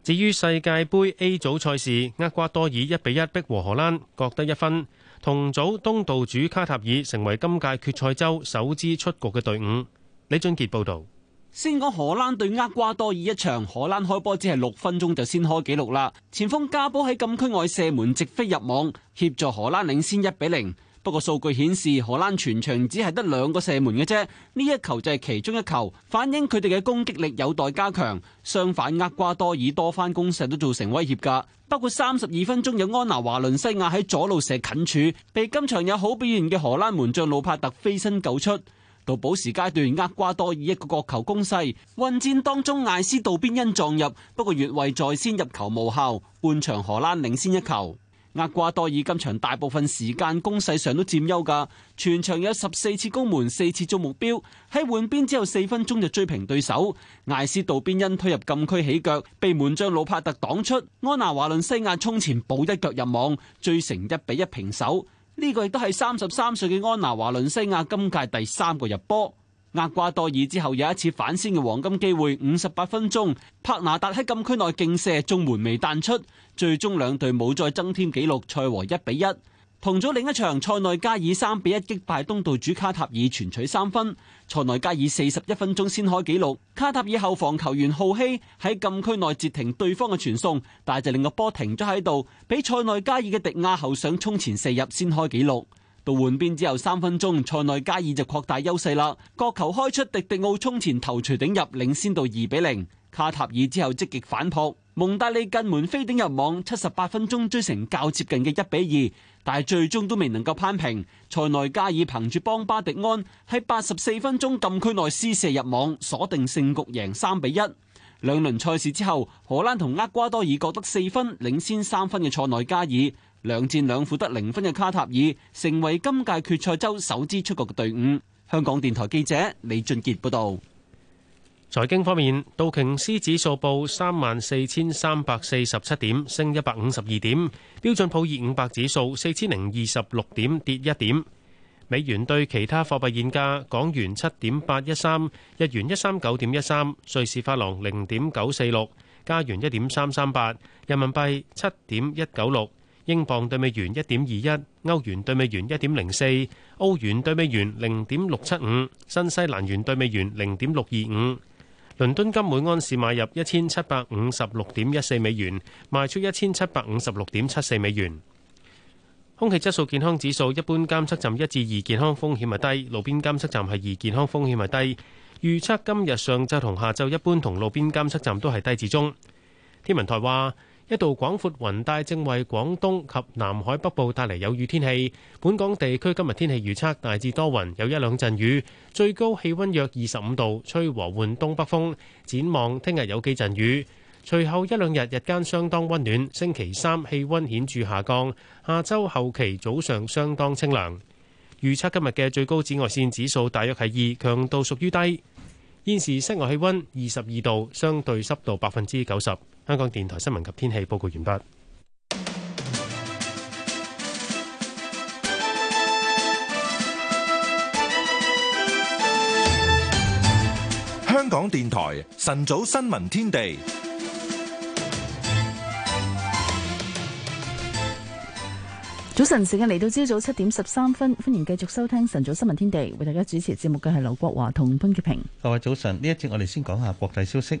至於世界杯 A 組賽事，厄瓜多爾一比一逼和荷蘭，各得一分。同組東道主卡塔爾成為今屆決賽周首支出局嘅隊伍。李俊杰報道。先講荷蘭對厄瓜多爾一場，荷蘭開波只係六分鐘就先開紀錄啦，前鋒加波喺禁區外射門直飛入網，協助荷蘭領先一比零。不過數據顯示荷蘭全場只係得兩個射門嘅啫，呢一球就係其中一球，反映佢哋嘅攻擊力有待加強。相反，厄瓜多爾多番攻勢都造成威脅噶，包括三十二分鐘有安娜華倫西亞喺左路射近處，被今場有好表現嘅荷蘭門將魯帕特飛身救出。到補時階段，厄瓜多爾一個角球攻勢混戰當中，艾斯道邊恩撞入，不過越位在先，入球無效。半場荷蘭領先一球，厄瓜多爾今場大部分時間攻勢上都佔優噶，全場有十四次攻門，四次做目標。喺換邊之後四分鐘就追平對手，艾斯道邊恩推入禁區起腳，被門將魯帕特擋出，安娜華倫西亞衝前補一腳入網，追成一比一平手。呢個亦都係三十三歲嘅安娜華倫西亞今屆第三個入波，厄瓜多爾之後有一次反先嘅黃金機會，五十八分鐘，帕拿達喺禁區內勁射中門未彈出，最終兩隊冇再增添紀錄，賽和一比一。同組另一場塞內加爾三比一擊敗東道主卡塔爾，全取三分。塞內加爾四十一分鐘先開紀錄，卡塔爾後防球員浩希喺禁區內截停對方嘅傳送，但就令個波停咗喺度，俾塞內加爾嘅迪亞後上衝前射入先開紀錄。到換邊之後三分鐘，塞內加爾就擴大優勢啦，角球開出，迪迪奧衝前頭槌頂入，領先到二比零。卡塔爾之後積極反撲，蒙大利近門飛頂入網，七十八分鐘追成較接近嘅一比二。但係最終都未能夠攀平，塞內加爾憑住邦巴迪安喺八十四分鐘禁區內施射入網，鎖定勝局贏，贏三比一。兩輪賽事之後，荷蘭同厄瓜多爾各得四分，領先三分嘅塞內加爾，兩戰兩負得零分嘅卡塔爾，成為今屆決賽周首支出局嘅隊伍。香港電台記者李俊傑報道。財經方面，道瓊斯指數報三萬四千三百四十七點，升一百五十二點；標準普爾五百指數四千零二十六點，跌一點。美元對其他貨幣現價：港元七點八一三，日元一三九點一三，瑞士法郎零點九四六，加元一點三三八，人民幣七點一九六，英鎊對美元一點二一，歐元對美元一點零四，澳元對美元零點六七五，新西蘭元對美元零點六二五。倫敦金每安士買入一千七百五十六點一四美元，賣出一千七百五十六點七四美元。空氣質素健康指數一般監測站一至二健康風險係低，路邊監測站係二，健康風險係低。預測今日上晝同下晝一般同路邊監測站都係低至中。天文台話。一度廣闊雲帶正為廣東及南海北部帶嚟有雨天氣。本港地區今日天氣預測，大致多雲，有一兩陣雨，最高氣温約二十五度，吹和緩東北風。展望聽日有幾陣雨，隨後一兩日日間相當温暖。星期三氣温顯著下降，下周後期早上相當清涼。預測今日嘅最高紫外線指數大約係二，強度屬於低。現時室外氣温二十二度，相對濕度百分之九十。香港電台新聞及天氣報告完畢。香港電台晨早新聞天地。早晨時間嚟到朝早七點十三分，歡迎繼續收聽晨早新聞天地，為大家主持節目嘅係劉國華同潘潔平。各位早晨，呢一節我哋先講下國際消息。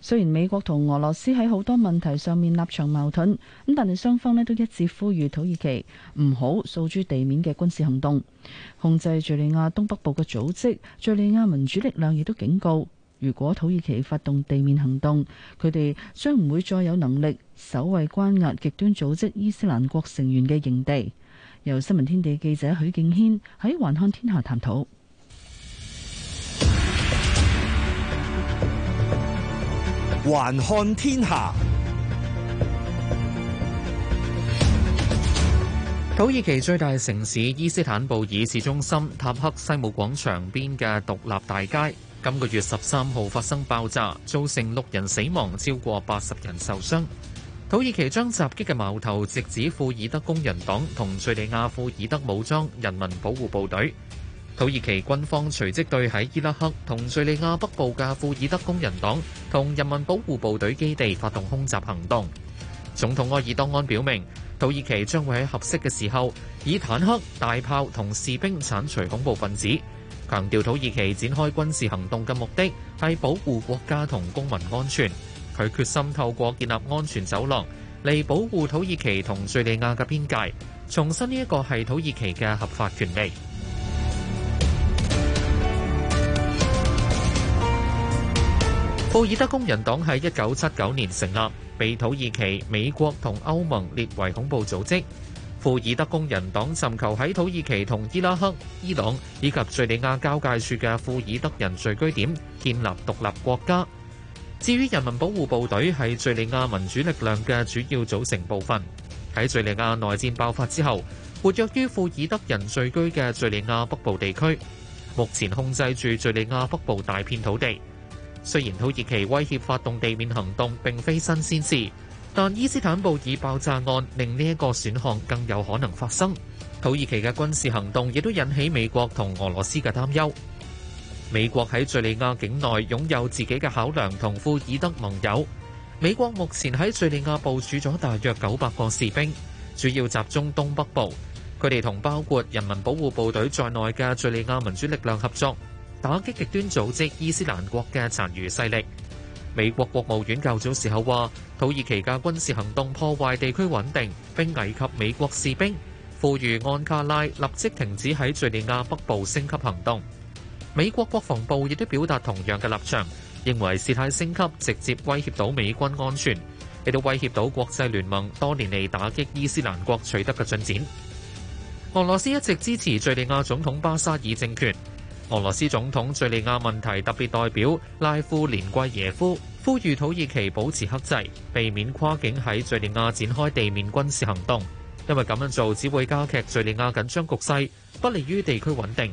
雖然美國同俄羅斯喺好多問題上面立場矛盾，咁但係雙方咧都一致呼籲土耳其唔好訴諸地面嘅軍事行動，控制叙利亞東北部嘅組織叙利亞民主力量亦都警告，如果土耳其發動地面行動，佢哋將唔會再有能力守衛關押極端組織伊斯蘭國成員嘅營地。由新聞天地記者許敬軒喺環看天下探討。談環看天下，土耳其最大城市伊斯坦布爾市中心塔克西姆廣場邊嘅獨立大街，今個月十三號發生爆炸，造成六人死亡，超過八十人受傷。土耳其將襲擊嘅矛頭直指庫爾德工人黨同敘利亞庫爾德武裝人民保護部隊。土耳其軍方隨即對喺伊拉克同敘利亞北部嘅庫爾德工人黨同人民保護部隊基地發動空襲行動。總統埃爾多安表明，土耳其將會喺合適嘅時候以坦克、大炮同士兵鏟除恐怖分子，強調土耳其展開軍事行動嘅目的係保護國家同公民安全，佢決心透過建立安全走廊嚟保護土耳其同敘利亞嘅邊界，重申呢一個係土耳其嘅合法權利。庫爾德工人黨喺一九七九年成立，被土耳其、美國同歐盟列為恐怖組織。庫爾德工人黨尋求喺土耳其同伊拉克、伊朗以及敘利亞交界處嘅庫爾德人聚居點建立獨立國家。至於人民保護部隊，係敘利亞民主力量嘅主要組成部分，喺敘利亞內戰爆發之後，活躍於庫爾德人聚居嘅敘利亞北部地區，目前控制住敘利亞北部大片土地。雖然土耳其威脅發動地面行動並非新鮮事，但伊斯坦布爾爆炸案令呢一個選項更有可能發生。土耳其嘅軍事行動亦都引起美國同俄羅斯嘅擔憂。美國喺敘利亞境內擁有自己嘅考量同庫爾德盟友。美國目前喺敘利亞部署咗大約九百個士兵，主要集中東北部。佢哋同包括人民保護部隊在內嘅敘利亞民主力量合作。打擊極端組織伊斯蘭國嘅殘餘勢力。美國國務院較早時候話，土耳其嘅軍事行動破壞地區穩定，並危及美國士兵。呼籲安卡拉立即停止喺敍利亞北部升級行動。美國國防部亦都表達同樣嘅立場，認為事態升級直接威脅到美軍安全，亦都威脅到國際聯盟多年嚟打擊伊斯蘭國取得嘅進展。俄羅斯一直支持敍利亞總統巴沙爾政權。俄羅斯總統敘利亞問題特別代表拉夫連季耶夫呼籲土耳其保持克制，避免跨境，喺敘利亞展開地面軍事行動，因為咁樣做只會加劇敘利亞緊張局勢，不利於地區穩定。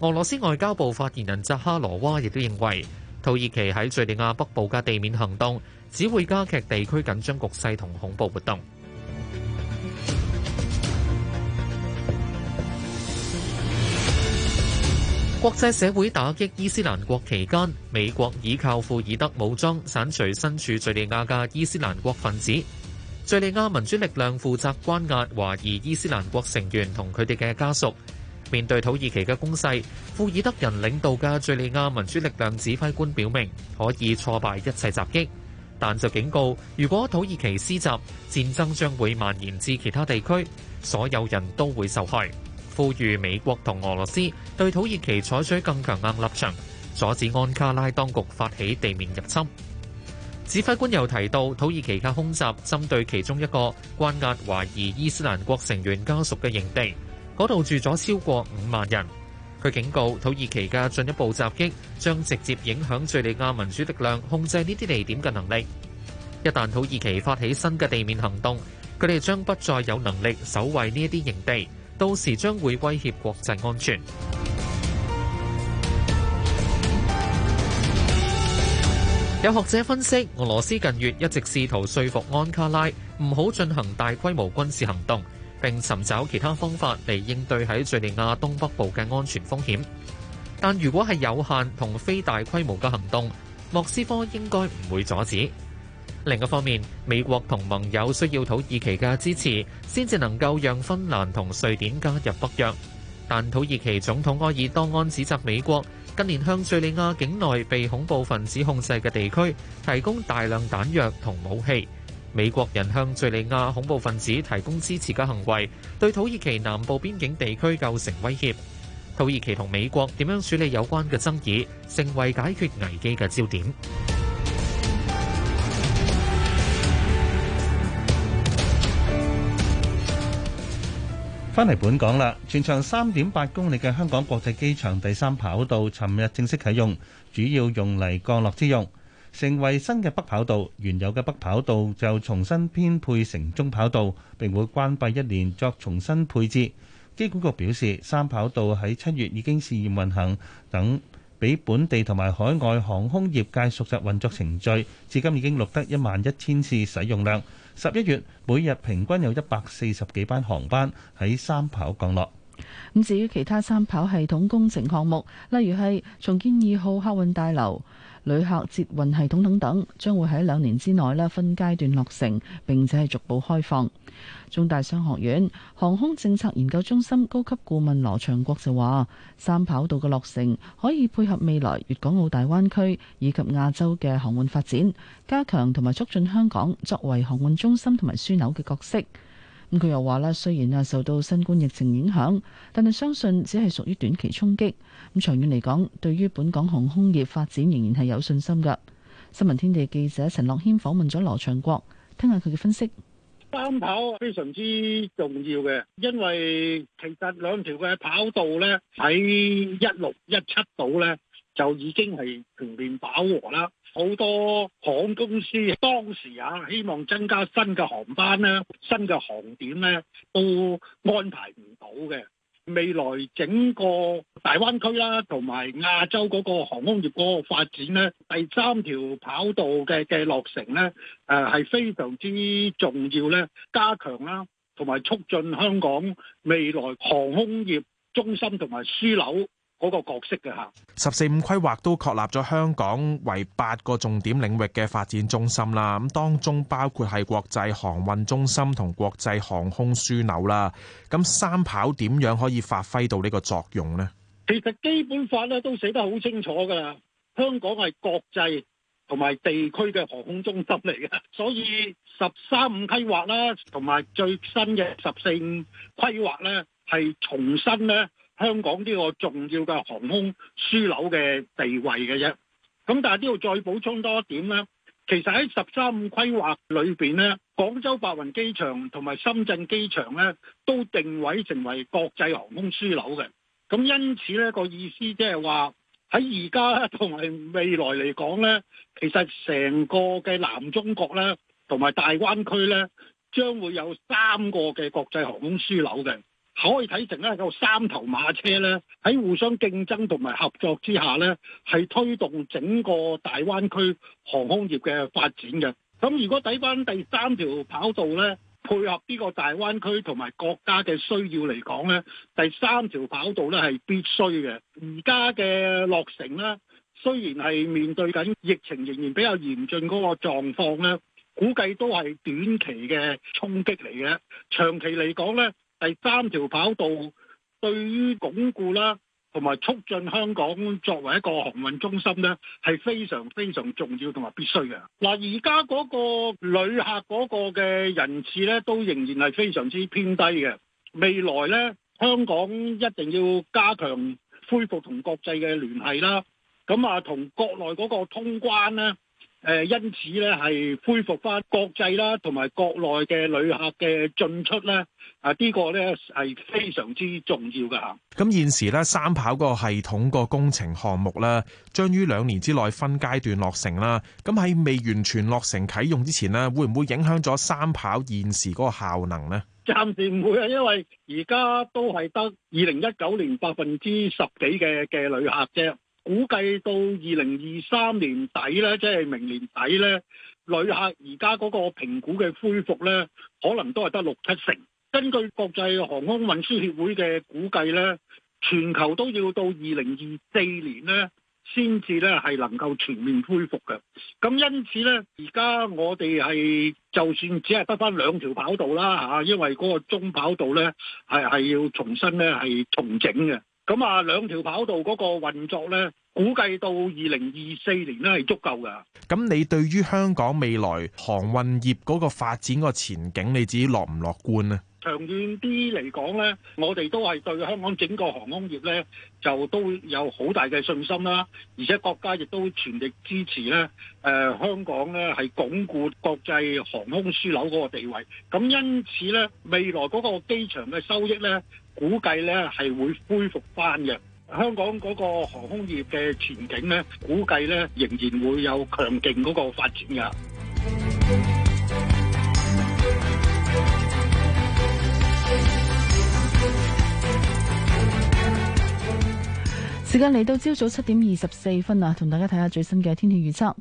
俄羅斯外交部發言人扎哈羅娃亦都認為，土耳其喺敘利亞北部嘅地面行動只會加劇地區緊張局勢同恐怖活動。國際社會打擊伊斯蘭國期間，美國依靠庫爾德武裝剷除身處敍利亞嘅伊斯蘭國分子。敍利亞民主力量負責關押懷疑伊斯蘭國成員同佢哋嘅家屬。面對土耳其嘅攻勢，庫爾德人領導嘅敍利亞民主力量指揮官表明可以挫敗一切襲擊，但就警告，如果土耳其施襲，戰爭將會蔓延至其他地區，所有人都會受害。呼籲美國同俄羅斯對土耳其採取更強硬立場，阻止安卡拉當局發起地面入侵。指揮官又提到，土耳其嘅空襲針對其中一個關押懷疑伊斯蘭國成員家屬嘅營地，嗰度住咗超過五萬人。佢警告土耳其嘅進一步襲擊將直接影響敘利亞民主力量控制呢啲地點嘅能力。一旦土耳其發起新嘅地面行動，佢哋將不再有能力守衛呢一啲營地。到時將會威脅國際安全。有學者分析，俄羅斯近月一直試圖說服安卡拉唔好進行大規模軍事行動，並尋找其他方法嚟應對喺敍利亞東北部嘅安全風險。但如果係有限同非大規模嘅行動，莫斯科應該唔會阻止。另一方面，美國同盟友需要土耳其嘅支持，先至能夠讓芬蘭同瑞典加入北約。但土耳其總統埃爾多安指責美國近年向敍利亞境內被恐怖分子控制嘅地區提供大量彈藥同武器，美國人向敍利亞恐怖分子提供支持嘅行為，對土耳其南部邊境地區構成威脅。土耳其同美國點樣處理有關嘅爭議，成為解決危機嘅焦點。返嚟本港啦，全長三點八公里嘅香港國際機場第三跑道尋日正式啟用，主要用嚟降落之用，成為新嘅北跑道。原有嘅北跑道就重新編配成中跑道，並會關閉一年作重新配置。機管局表示，三跑道喺七月已經試驗運行，等俾本地同埋海外航空業界熟悉運作,運作程序，至今已經錄得一萬一千次使用量。十一月每日平均有一百四十幾班航班喺三跑降落。咁至於其他三跑系統工程項目，例如係重建二號客運大樓、旅客捷運系統等等，將會喺兩年之內呢分階段落成，並且係逐步開放。中大商學院航空政策研究中心高級顧問羅祥國就話三跑道嘅落成可以配合未來粵港澳大灣區以及亞洲嘅航運發展，加強同埋促進香港作為航運中心同埋樞紐嘅角色。咁佢又話啦：雖然啊受到新冠疫情影響，但係相信只係屬於短期衝擊，咁長遠嚟講對於本港航空業發展仍然係有信心嘅，新聞天地記者陳樂謙訪問咗羅祥國，聽下佢嘅分析。三跑非常之重要嘅，因為其實兩條嘅跑道咧，喺一六一七度咧就已經係全面飽和啦，好多航空公司當時啊希望增加新嘅航班咧、新嘅航點咧都安排唔到嘅。未來整個大灣區啦，同埋亞洲嗰個航空業嗰個發展呢，第三條跑道嘅嘅落成呢，誒、呃、係非常之重要，呢加強啦、啊，同埋促進香港未來航空業中心同埋樞紐。嗰個角色嘅嚇。十四五規劃都確立咗香港為八個重點領域嘅發展中心啦。咁當中包括係國際航運中心同國際航空樞紐啦。咁三跑點樣可以發揮到呢個作用呢？其實基本法咧都寫得好清楚㗎啦，香港係國際同埋地區嘅航空中心嚟嘅，所以十三五規劃啦，同埋最新嘅十四五規劃咧，係重新咧。香港呢個重要嘅航空樞紐嘅地位嘅啫，咁但係呢度再補充多一點咧，其實喺十三五規劃裏邊呢，廣州白雲機場同埋深圳機場呢，都定位成為國際航空樞紐嘅，咁因此呢個意思即係話喺而家同埋未來嚟講呢，其實成個嘅南中國呢，同埋大灣區呢，將會有三個嘅國際航空樞紐嘅。可以睇成咧，有三頭馬車咧，喺互相競爭同埋合作之下咧，係推動整個大灣區航空業嘅發展嘅。咁如果睇返第三條跑道咧，配合呢個大灣區同埋國家嘅需要嚟講咧，第三條跑道咧係必須嘅。而家嘅落成咧，雖然係面對緊疫情仍然比較嚴峻嗰個狀況咧，估計都係短期嘅衝擊嚟嘅，長期嚟講咧。第三條跑道對於鞏固啦，同埋促進香港作為一個航運中心呢，係非常非常重要同埋必須嘅。嗱，而家嗰個旅客嗰個嘅人次呢，都仍然係非常之偏低嘅。未來呢，香港一定要加強恢復同國際嘅聯繫啦。咁啊，同國內嗰個通關呢。誒，因此咧，係恢復翻國際啦，同埋國內嘅旅客嘅進出咧，啊呢個咧，係非常之重要噶吓。咁現時咧三跑個系統個工程項目咧，將於兩年之內分階段落成啦。咁喺未完全落成啟用之前呢，會唔會影響咗三跑現時嗰個效能呢？暫時唔會啊，因為而家都係得二零一九年百分之十幾嘅嘅旅客啫。估計到二零二三年底呢，即係明年底呢，旅客而家嗰個評估嘅恢復呢，可能都係得六七成。根據國際航空運輸協會嘅估計呢，全球都要到二零二四年呢先至呢係能夠全面恢復嘅。咁因此呢，而家我哋係就算只係得翻兩條跑道啦嚇，因為嗰個中跑道呢係係要重新呢係重整嘅。咁啊，兩條跑道嗰個運作咧，估計到二零二四年咧係足夠噶咁你對於香港未來航運業嗰個發展個前景，你自己樂唔樂觀啊？長遠啲嚟講咧，我哋都係對香港整個航空業咧，就都有好大嘅信心啦。而且國家亦都全力支持咧，誒，香港咧係鞏固國際航空樞紐嗰個地位。咁因此咧，未來嗰個機場嘅收益咧。估計咧係會恢復翻嘅，香港嗰個航空業嘅前景咧，估計咧仍然會有強勁嗰個發展㗎。時間嚟到朝早七點二十四分啊，同大家睇下最新嘅天氣預測。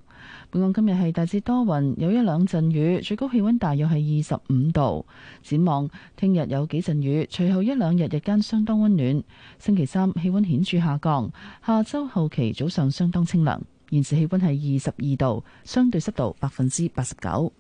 本港今日係大致多雲，有一兩陣雨，最高氣溫大約係二十五度。展望聽日有幾陣雨，隨後一兩日日間相當溫暖。星期三氣溫顯著下降，下周後期早上相當清涼。現時氣溫係二十二度，相對濕度百分之八十九。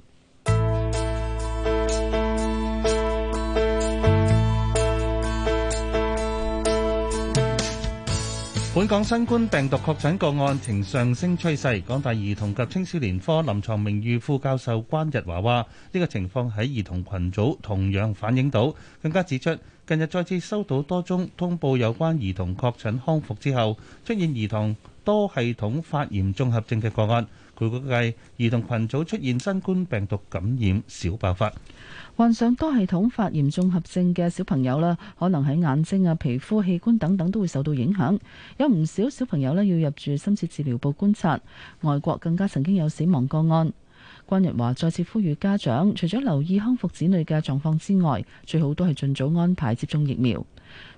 本港新冠病毒確診個案呈上升趨勢，港大兒童及青少年科臨床名譽副教授關日華話：呢、這個情況喺兒童群組同樣反映到。更加指出，近日再次收到多宗通報，有關兒童確診康復之後出現兒童多系統發炎綜合症嘅個案，佢估計兒童群組出現新冠病毒感染小爆發。患上多系統發炎綜合症嘅小朋友啦，可能喺眼睛啊、皮膚、器官等等都會受到影響，有唔少小朋友咧要入住深切治療部觀察。外國更加曾經有死亡個案。關日華再次呼籲家長，除咗留意康復子女嘅狀況之外，最好都係盡早安排接種疫苗。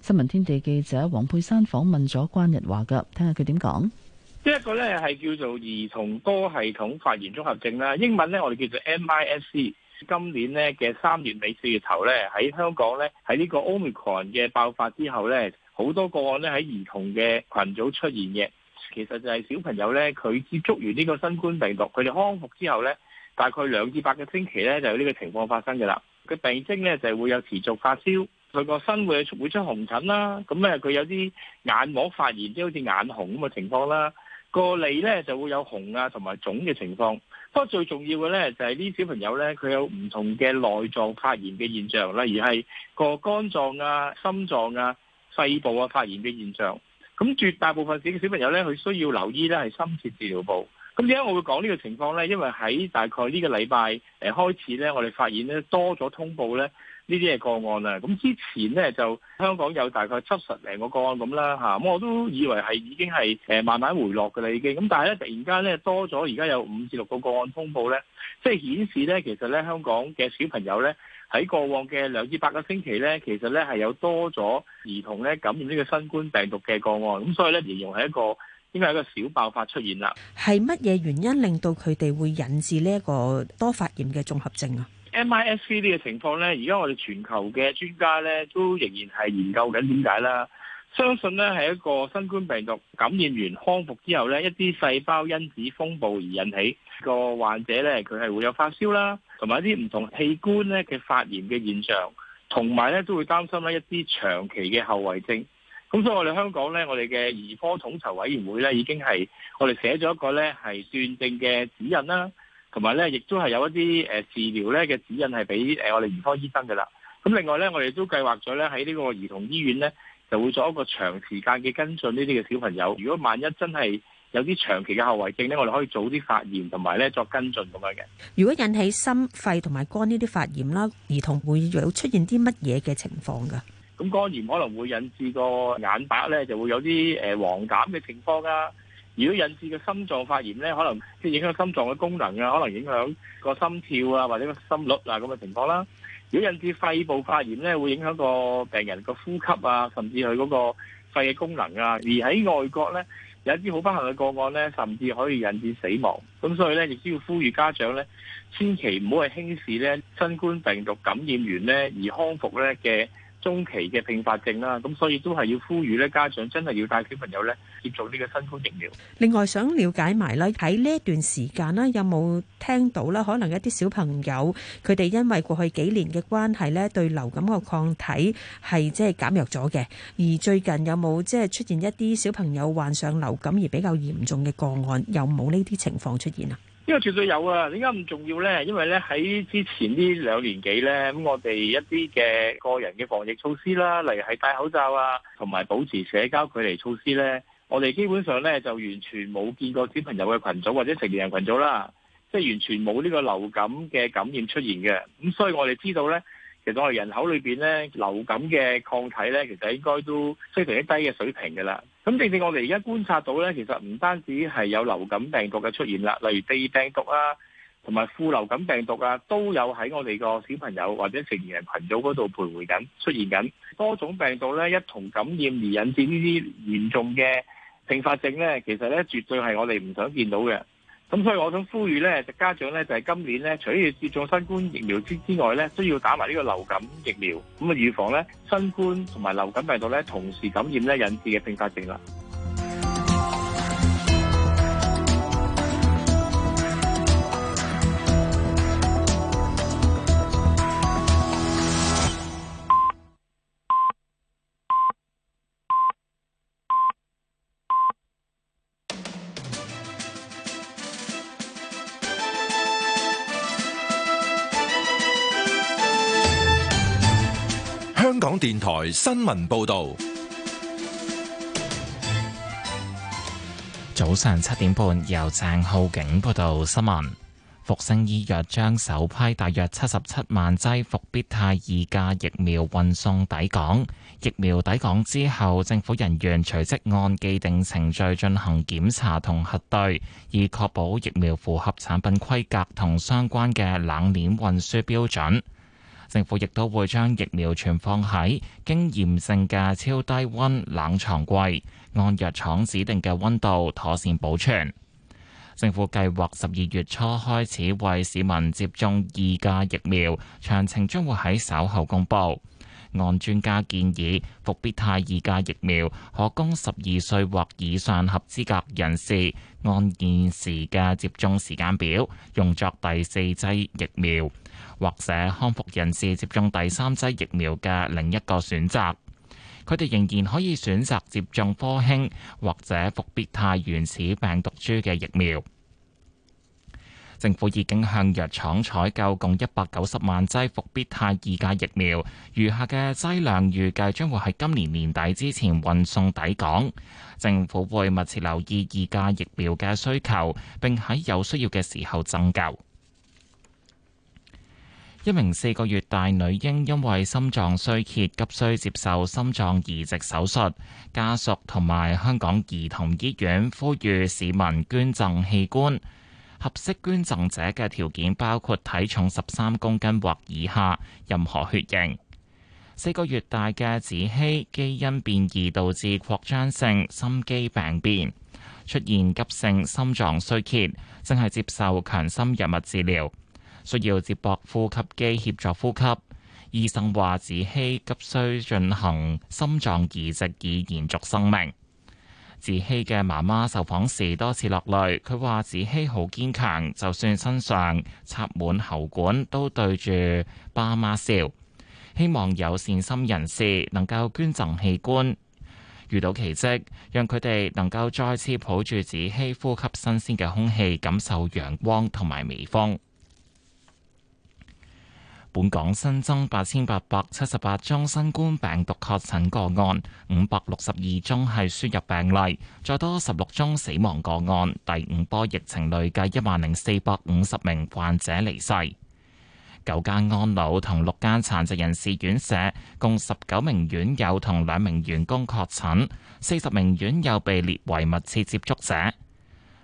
新聞天地記者黃佩珊訪問咗關日華噶，聽下佢點講。呢一個咧係叫做兒童多系統發炎綜合症啦，英文呢，我哋叫做 MISC。今年咧嘅三月尾四月頭咧，喺香港咧喺呢個 Omicron 嘅爆發之後咧，好多個案咧喺兒童嘅群組出現嘅。其實就係小朋友咧，佢接觸完呢個新冠病毒，佢哋康復之後咧，大概兩至八個星期咧就有呢個情況發生嘅啦。佢病徵咧就會有持續發燒，佢個身會會出紅疹啦，咁咧佢有啲眼膜發炎，即好似眼紅咁嘅情況啦。個脷咧就會有紅啊同埋腫嘅情況。不過最重要嘅咧，就係呢小朋友咧，佢有唔同嘅內臟發炎嘅現象，例如係個肝臟啊、心臟啊、肺部啊發炎嘅現象。咁絕大部分自己小嘅小朋友咧，佢需要留醫咧，係深切治療部。咁點解我會講呢個情況咧？因為喺大概呢個禮拜誒開始咧，我哋發現咧多咗通報咧。呢啲嘢個案啊，咁之前呢，就香港有大概七十零個個案咁啦吓，咁我都以為係已經係誒慢慢回落嘅啦已經，咁但係咧突然間咧多咗，而家有五至六個個案通報咧，即係顯示咧其實咧香港嘅小朋友咧喺過往嘅兩至八個星期咧，其實咧係有多咗兒童咧感染呢個新冠病毒嘅個案，咁所以咧形容係一個應該係一個小爆發出現啦。係乜嘢原因令到佢哋會引致呢一個多發炎嘅綜合症啊？MIS-C 呢個情況咧，而家我哋全球嘅專家咧都仍然係研究緊點解啦。相信咧係一個新冠病毒感染完康復之後咧，一啲細胞因子風暴而引起個患者咧，佢係會有發燒啦，同埋一啲唔同器官咧嘅發炎嘅現象，同埋咧都會擔心咧一啲長期嘅後遺症。咁所以我哋香港咧，我哋嘅兒科統籌委員會咧已經係我哋寫咗一個咧係斷症嘅指引啦。同埋咧，亦都係有一啲誒治療咧嘅指引，係俾誒我哋兒科醫生嘅啦。咁另外咧，我哋都計劃咗咧喺呢個兒童醫院咧，就會作一個長時間嘅跟進呢啲嘅小朋友。如果萬一真係有啲長期嘅後遺症咧，我哋可以早啲發炎同埋咧作跟進咁樣嘅。如果引起心肺同埋肝呢啲發炎啦，兒童會有出現啲乜嘢嘅情況噶？咁肝炎可能會引致個眼白咧就會有啲誒黃疸嘅情況啊。如果引致嘅心臟發炎咧，可能即係影響心臟嘅功能啊，可能影響個心跳啊，或者個心率啊咁嘅情況啦。如果引致肺部發炎咧，會影響個病人個呼吸啊，甚至佢嗰個肺嘅功能啊。而喺外國咧，有一啲好不幸嘅個案咧，甚至可以引致死亡。咁所以咧，亦都要呼籲家長咧，千祈唔好係輕視咧新冠病毒感染完咧而康復咧嘅。中期嘅併發症啦，咁所以都係要呼籲呢，家長真係要帶小朋友呢接種呢個新冠疫苗。另外，想了解埋呢，喺呢一段時間啦，有冇聽到咧？可能一啲小朋友佢哋因為過去幾年嘅關係呢，對流感個抗體係即係減弱咗嘅，而最近有冇即係出現一啲小朋友患上流感而比較嚴重嘅個案？有冇呢啲情況出現啊？呢個絕對有啊！點解咁重要呢？因為呢，喺之前呢兩年幾呢，咁我哋一啲嘅個人嘅防疫措施啦，例如係戴口罩啊，同埋保持社交距離措施呢，我哋基本上呢就完全冇見過小朋友嘅群組或者成年人群組啦，即係完全冇呢個流感嘅感染出現嘅。咁所以我哋知道呢。其實我哋人口裏邊咧，流感嘅抗體咧，其實應該都非常之低嘅水平嘅啦。咁正正我哋而家觀察到咧，其實唔單止係有流感病毒嘅出現啦，例如鼻病毒啊，同埋副流感病毒啊，都有喺我哋個小朋友或者成年人群組嗰度徘徊緊、出現緊多種病毒咧一同感染而引致呢啲嚴重嘅併發症咧，其實咧絕對係我哋唔想見到嘅。咁所以我想呼籲咧，就家長咧就係今年咧，除咗要接種新冠疫苗之之外咧，需要打埋呢個流感疫苗，咁啊預防咧新冠同埋流感病毒咧同時感染咧引致嘅併發症啦。電台新聞報道：早上七點半，由鄭浩景報道新聞。復星醫藥將首批大約七十七萬劑復必泰二價疫苗運送抵港。疫苗抵港之後，政府人員隨即按既定程序進行檢查同核對，以確保疫苗符合合產品規格同相關嘅冷鏈運輸標準。政府亦都會將疫苗存放喺經驗性嘅超低溫冷藏櫃，按藥廠指定嘅溫度妥善保存。政府計劃十二月初開始為市民接種二價疫苗，詳情將會喺稍後公布。按專家建議，復必泰二價疫苗可供十二歲或以上合資格人士按現時嘅接種時間表用作第四劑疫苗。或者康復人士接種第三劑疫苗嘅另一個選擇，佢哋仍然可以選擇接種科興或者復必泰原始病毒株嘅疫苗。政府已經向藥廠採購共一百九十萬劑復必泰二價疫苗，餘下嘅劑量預計將會喺今年年底之前運送抵港。政府會密切留意二價疫苗嘅需求，並喺有需要嘅時候增購。一名四個月大女嬰因為心臟衰竭，急需接受心臟移植手術。家屬同埋香港兒童醫院呼籲市民捐贈器官。合適捐贈者嘅條件包括體重十三公斤或以下，任何血型。四個月大嘅子希基因變異導致擴張性心肌病變，出現急性心臟衰竭，正係接受強心藥物治療。需要接駁呼吸機協助呼吸。醫生話，子希急需進行心臟移植，以延續生命。子希嘅媽媽受訪時多次落淚，佢話子希好堅強，就算身上插滿喉管，都對住爸媽笑。希望有善心人士能夠捐贈器官，遇到奇蹟，讓佢哋能夠再次抱住子希，呼吸新鮮嘅空氣，感受陽光同埋微風。本港新增八千八百七十八宗新冠病毒確診個案，五百六十二宗係輸入病例，再多十六宗死亡個案。第五波疫情累計一萬零四百五十名患者離世。九間安老同六間殘疾人士院舍共十九名院友同兩名員工確診，四十名院友被列為密切接觸者。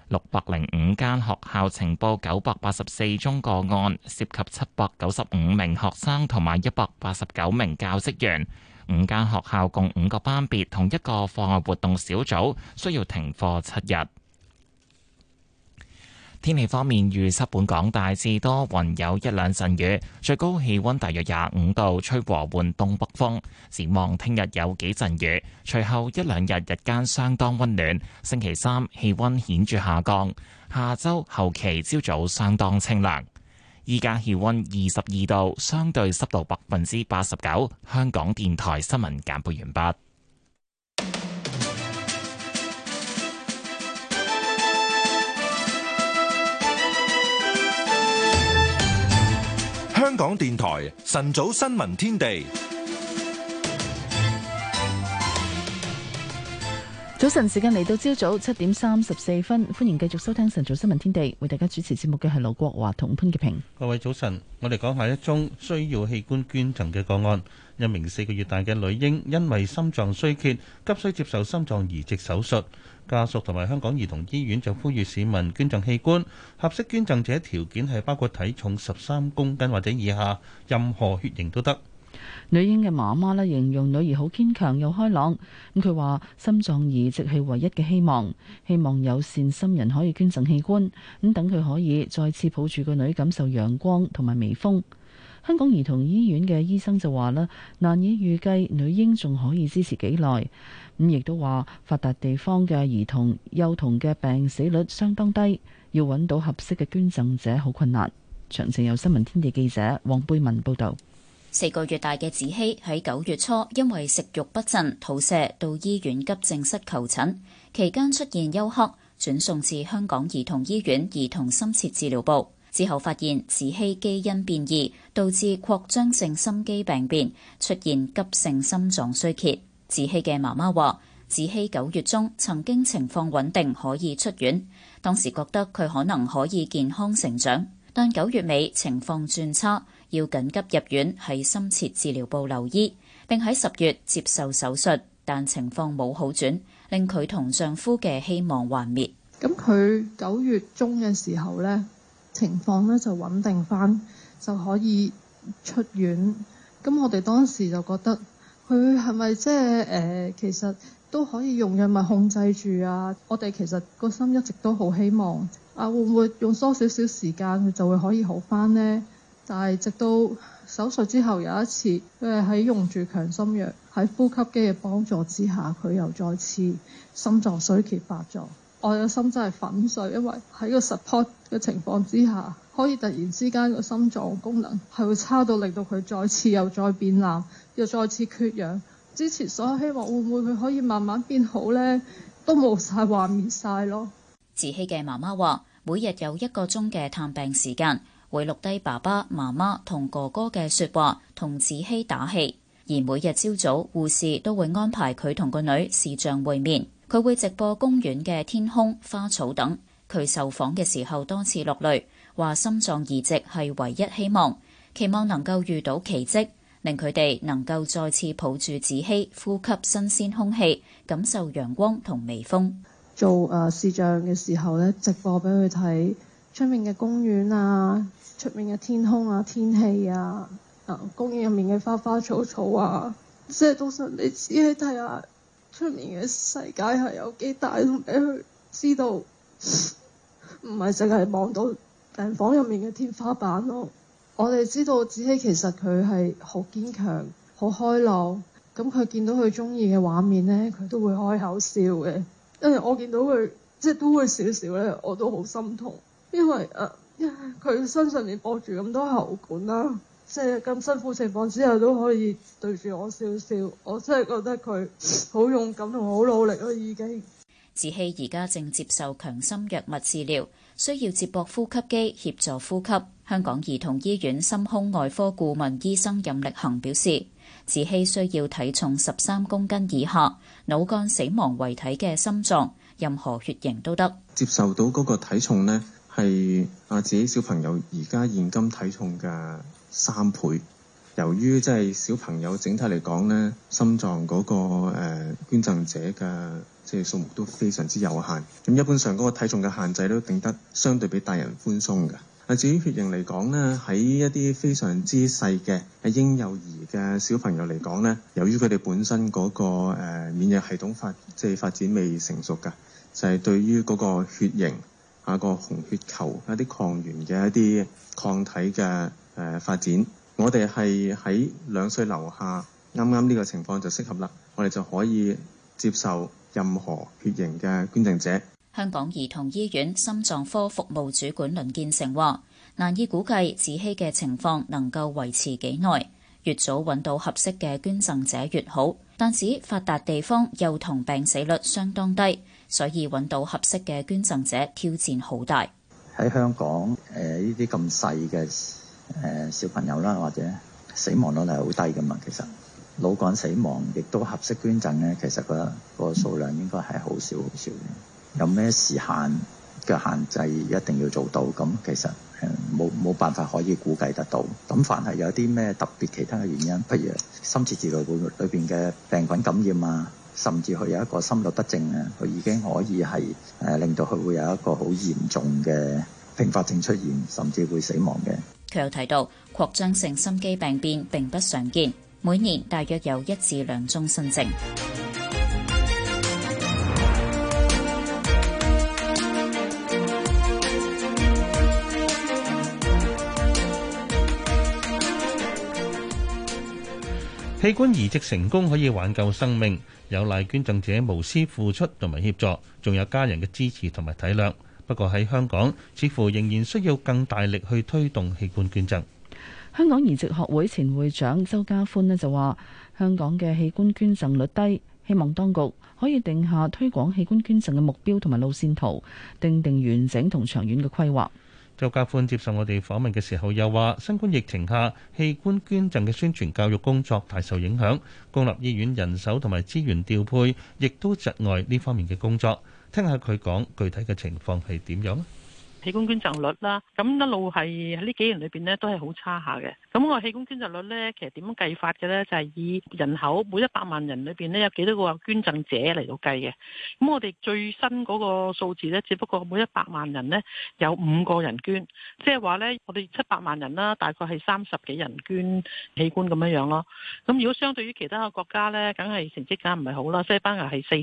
六百零五間學校呈報九百八十四宗個案，涉及七百九十五名學生同埋一百八十九名教職員。五間學校共五個班別，同一個課外活動小組，需要停課七日。天氣方面，預測本港大致多雲，有一兩陣雨，最高氣温大約廿五度，吹和緩東北風。展望聽日有幾陣雨，隨後一兩日日間相當温暖。星期三氣温顯著下降，下周後期朝早相當清涼。依家氣温二十二度，相對濕度百分之八十九。香港電台新聞簡報完畢。香港電台晨早新聞天地，早晨時間嚟到朝早七點三十四分，歡迎繼續收聽晨早新聞天地，為大家主持節目嘅係羅國華同潘潔平。各位早晨，我哋講下一宗需要器官捐贈嘅個案，一名四個月大嘅女嬰因為心臟衰竭，急需接受心臟移植手術。家屬同埋香港兒童醫院就呼籲市民捐贈器官，合適捐贈者條件係包括體重十三公斤或者以下，任何血型都得。女嬰嘅媽媽呢，形容女兒好堅強又開朗，咁佢話心臟移植係唯一嘅希望，希望有善心人可以捐贈器官，咁等佢可以再次抱住個女感受陽光同埋微風。香港兒童醫院嘅醫生就話呢，難以預計女嬰仲可以支持幾耐。咁亦都話，發達地方嘅兒童、幼童嘅病死率相當低，要揾到合適嘅捐贈者好困難。詳情有新聞天地記者黃貝文報導。四個月大嘅子希喺九月初因為食慾不振、肚瀉到醫院急症室求診，期間出現休克，轉送至香港兒童醫院兒童深切治療部之後，發現子希基因變異，導致擴張性心肌病變，出現急性心臟衰竭。子希嘅媽媽話：子希九月中曾經情況穩定，可以出院。當時覺得佢可能可以健康成長，但九月尾情況轉差，要緊急入院喺深切治療部留醫，並喺十月接受手術，但情況冇好轉，令佢同丈夫嘅希望幻滅。咁佢九月中嘅時候咧，情況咧就穩定返，就可以出院。咁我哋當時就覺得。佢係咪即係誒？其實都可以用藥物控制住啊！我哋其實個心一直都好希望啊，會唔會用多少少時間佢就會可以好翻呢？但係直到手術之後有一次，佢係喺用住強心藥、喺呼吸機嘅幫助之下，佢又再次心臟衰竭發作。我嘅心真係粉碎，因為喺個 support 嘅情況之下，可以突然之間個心臟功能係會差到令到佢再次又再變爛。又再次缺氧，之前所有希望會唔會佢可以慢慢變好咧？都冇晒話面晒咯。子希嘅媽媽話每日有一個鐘嘅探病時間會錄低爸爸、媽媽同哥哥嘅說話同子希打氣。而每日朝早，護士都會安排佢同個女視像會面，佢會直播公園嘅天空、花草等。佢受訪嘅時候多次落淚，話心臟移植係唯一希望，期望能夠遇到奇跡。令佢哋能夠再次抱住子熙，呼吸新鮮空氣，感受陽光同微風。做誒視像嘅時候咧，直播俾佢睇出面嘅公園啊，出面嘅天空啊，天氣啊，啊公園入面嘅花花草草啊，即係到時你只係睇下出面嘅世界係有幾大，都俾佢知道唔係淨係望到病房入面嘅天花板咯、啊。我哋知道子希其實佢係好堅強、好開朗，咁佢見到佢中意嘅畫面呢，佢都會開口笑嘅。因為我見到佢即係都會少少咧，我都好心痛，因為誒佢、啊、身上面播住咁多喉管啦，即係咁辛苦情況之下都可以對住我笑笑，我真係覺得佢好勇敢同好努力咯已經。子希而家正接受強心藥物治療，需要接駁呼吸機協助呼吸。香港兒童醫院心胸外科顧問醫生任力恒表示：芷希需要體重十三公斤以下，腦幹死亡遺體嘅心臟，任何血型都得。接受到嗰個體重呢，係阿自己小朋友而家現今體重嘅三倍。由於即係小朋友整體嚟講呢，心臟嗰個誒捐贈者嘅即係數目都非常之有限，咁一般上嗰個體重嘅限制都定得相對比大人寬鬆㗎。啊，至於血型嚟講呢，喺一啲非常之細嘅啊嬰幼兒嘅小朋友嚟講呢，由於佢哋本身嗰、那個、呃、免疫系統發即係發展未成熟㗎，就係、是、對於嗰個血型啊、這個紅血球一啲抗原嘅一啲抗體嘅誒、呃、發展，我哋係喺兩歲樓下啱啱呢個情況就適合啦，我哋就可以接受任何血型嘅捐贈者。香港兒童醫院心臟科服務主管林建成話，難以估計子希嘅情況能夠維持幾耐，越早揾到合適嘅捐贈者越好。但指發達地方幼童病死率相當低，所以揾到合適嘅捐贈者挑戰好大。喺香港，誒呢啲咁細嘅誒小朋友啦，或者死亡率係好低㗎嘛。其實腦幹死亡亦都合適捐贈呢其實、嗰個、嗰個數量應該係好少好少嘅。有咩時限嘅限制一定要做到？咁其實冇冇辦法可以估計得到。咁凡係有啲咩特別其他嘅原因，譬如深切治療會裏邊嘅病菌感染啊，甚至佢有一個心律不正啊，佢已經可以係誒令到佢會有一個好嚴重嘅併發症出現，甚至會死亡嘅。佢又提到，擴張性心肌病變並不常見，每年大約有一至兩宗新症。器官移植成功可以挽救生命，有賴捐贈者無私付出同埋協助，仲有家人嘅支持同埋體諒。不過喺香港似乎仍然需要更大力去推動器官捐贈。香港移植學會前會長周家歡呢就話，香港嘅器官捐贈率低，希望當局可以定下推廣器官捐贈嘅目標同埋路線圖，訂定完整同長遠嘅規劃。周家歡接受我哋訪問嘅時候又話，新冠疫情下器官捐贈嘅宣傳教育工作大受影響，公立醫院人手同埋資源調配亦都窒礙呢方面嘅工作。聽下佢講具體嘅情況係點樣？器官捐贈率啦，咁一路係喺呢幾年裏邊咧都係好差下嘅。咁個器官捐贈率咧，其實點樣計法嘅咧，就係、是、以人口每一百萬人裏邊咧有幾多個捐贈者嚟到計嘅。咁我哋最新嗰個數字咧，只不過每一百萬人咧有五個人捐，即係話咧我哋七百萬人啦，大概係三十幾人捐器官咁樣樣咯。咁如果相對於其他嘅國家咧，梗係成績梗唔係好啦。西班牙係四十，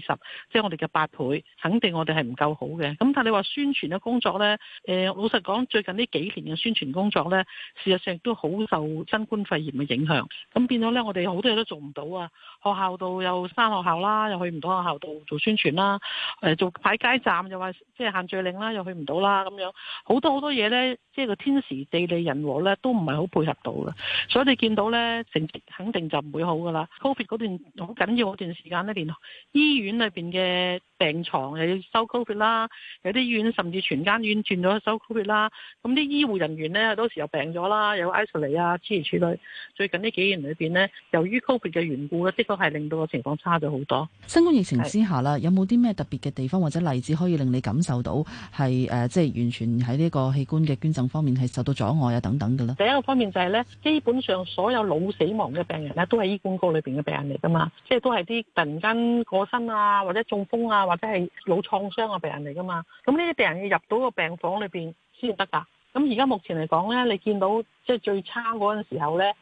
即、就、係、是、我哋嘅八倍，肯定我哋係唔夠好嘅。咁但係你話宣傳嘅工作咧？誒，老實講，最近呢幾年嘅宣傳工作呢，事實上亦都好受新冠肺炎嘅影響，咁變咗呢，我哋好多嘢都做唔到啊！學校度又閂學校啦，又去唔到學校度做宣傳啦，誒、呃，做擺街站又話即係限聚令啦，又去唔到啦，咁樣好多好多嘢呢，即係個天時地利人和呢，都唔係好配合到嘅，所以你見到呢，成績肯定就唔會好噶啦。Covid 嗰段好緊要嗰段時間呢，連醫院裏邊嘅病床又要收 Covid 啦，有啲醫院甚至全間醫院變咗手 covid 啦，咁啲醫護人員咧，到時又病咗啦，有 isolation 啊，諸如此類。最近呢幾年裏邊咧，由於 covid 嘅緣故咧，的確係令到個情況差咗好多。新冠疫情之下啦，有冇啲咩特別嘅地方或者例子可以令你感受到係誒、呃，即係完全喺呢個器官嘅捐贈方面係受到阻礙啊等等嘅咧？第一個方面就係咧，基本上所有腦死亡嘅病人咧，都係醫管局裏邊嘅病人嚟噶嘛，即係都係啲突然間過身啊，或者中風啊，或者係腦創傷嘅病人嚟噶嘛。咁呢啲病人要入到個病房裏邊先得噶。咁而家目前嚟講咧，你見到即係最差嗰陣時候咧，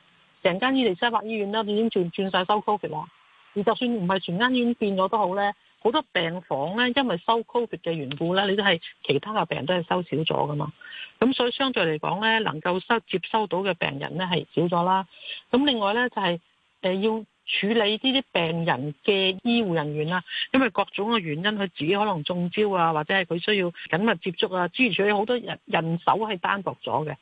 成間伊利沙伯醫院咧已經轉轉曬收 COVID，而就算唔係全間醫院變咗都好咧，好多病房咧因為收 COVID 嘅緣故咧，你都係其他嘅病人都係收少咗噶嘛。咁所以相對嚟講咧，能夠收接收到嘅病人咧係少咗啦。咁另外咧就係誒要。處理呢啲病人嘅醫護人員啊，因為各種嘅原因，佢自己可能中招啊，或者係佢需要緊密接觸啊，資源處理好多人人手係單獨咗嘅。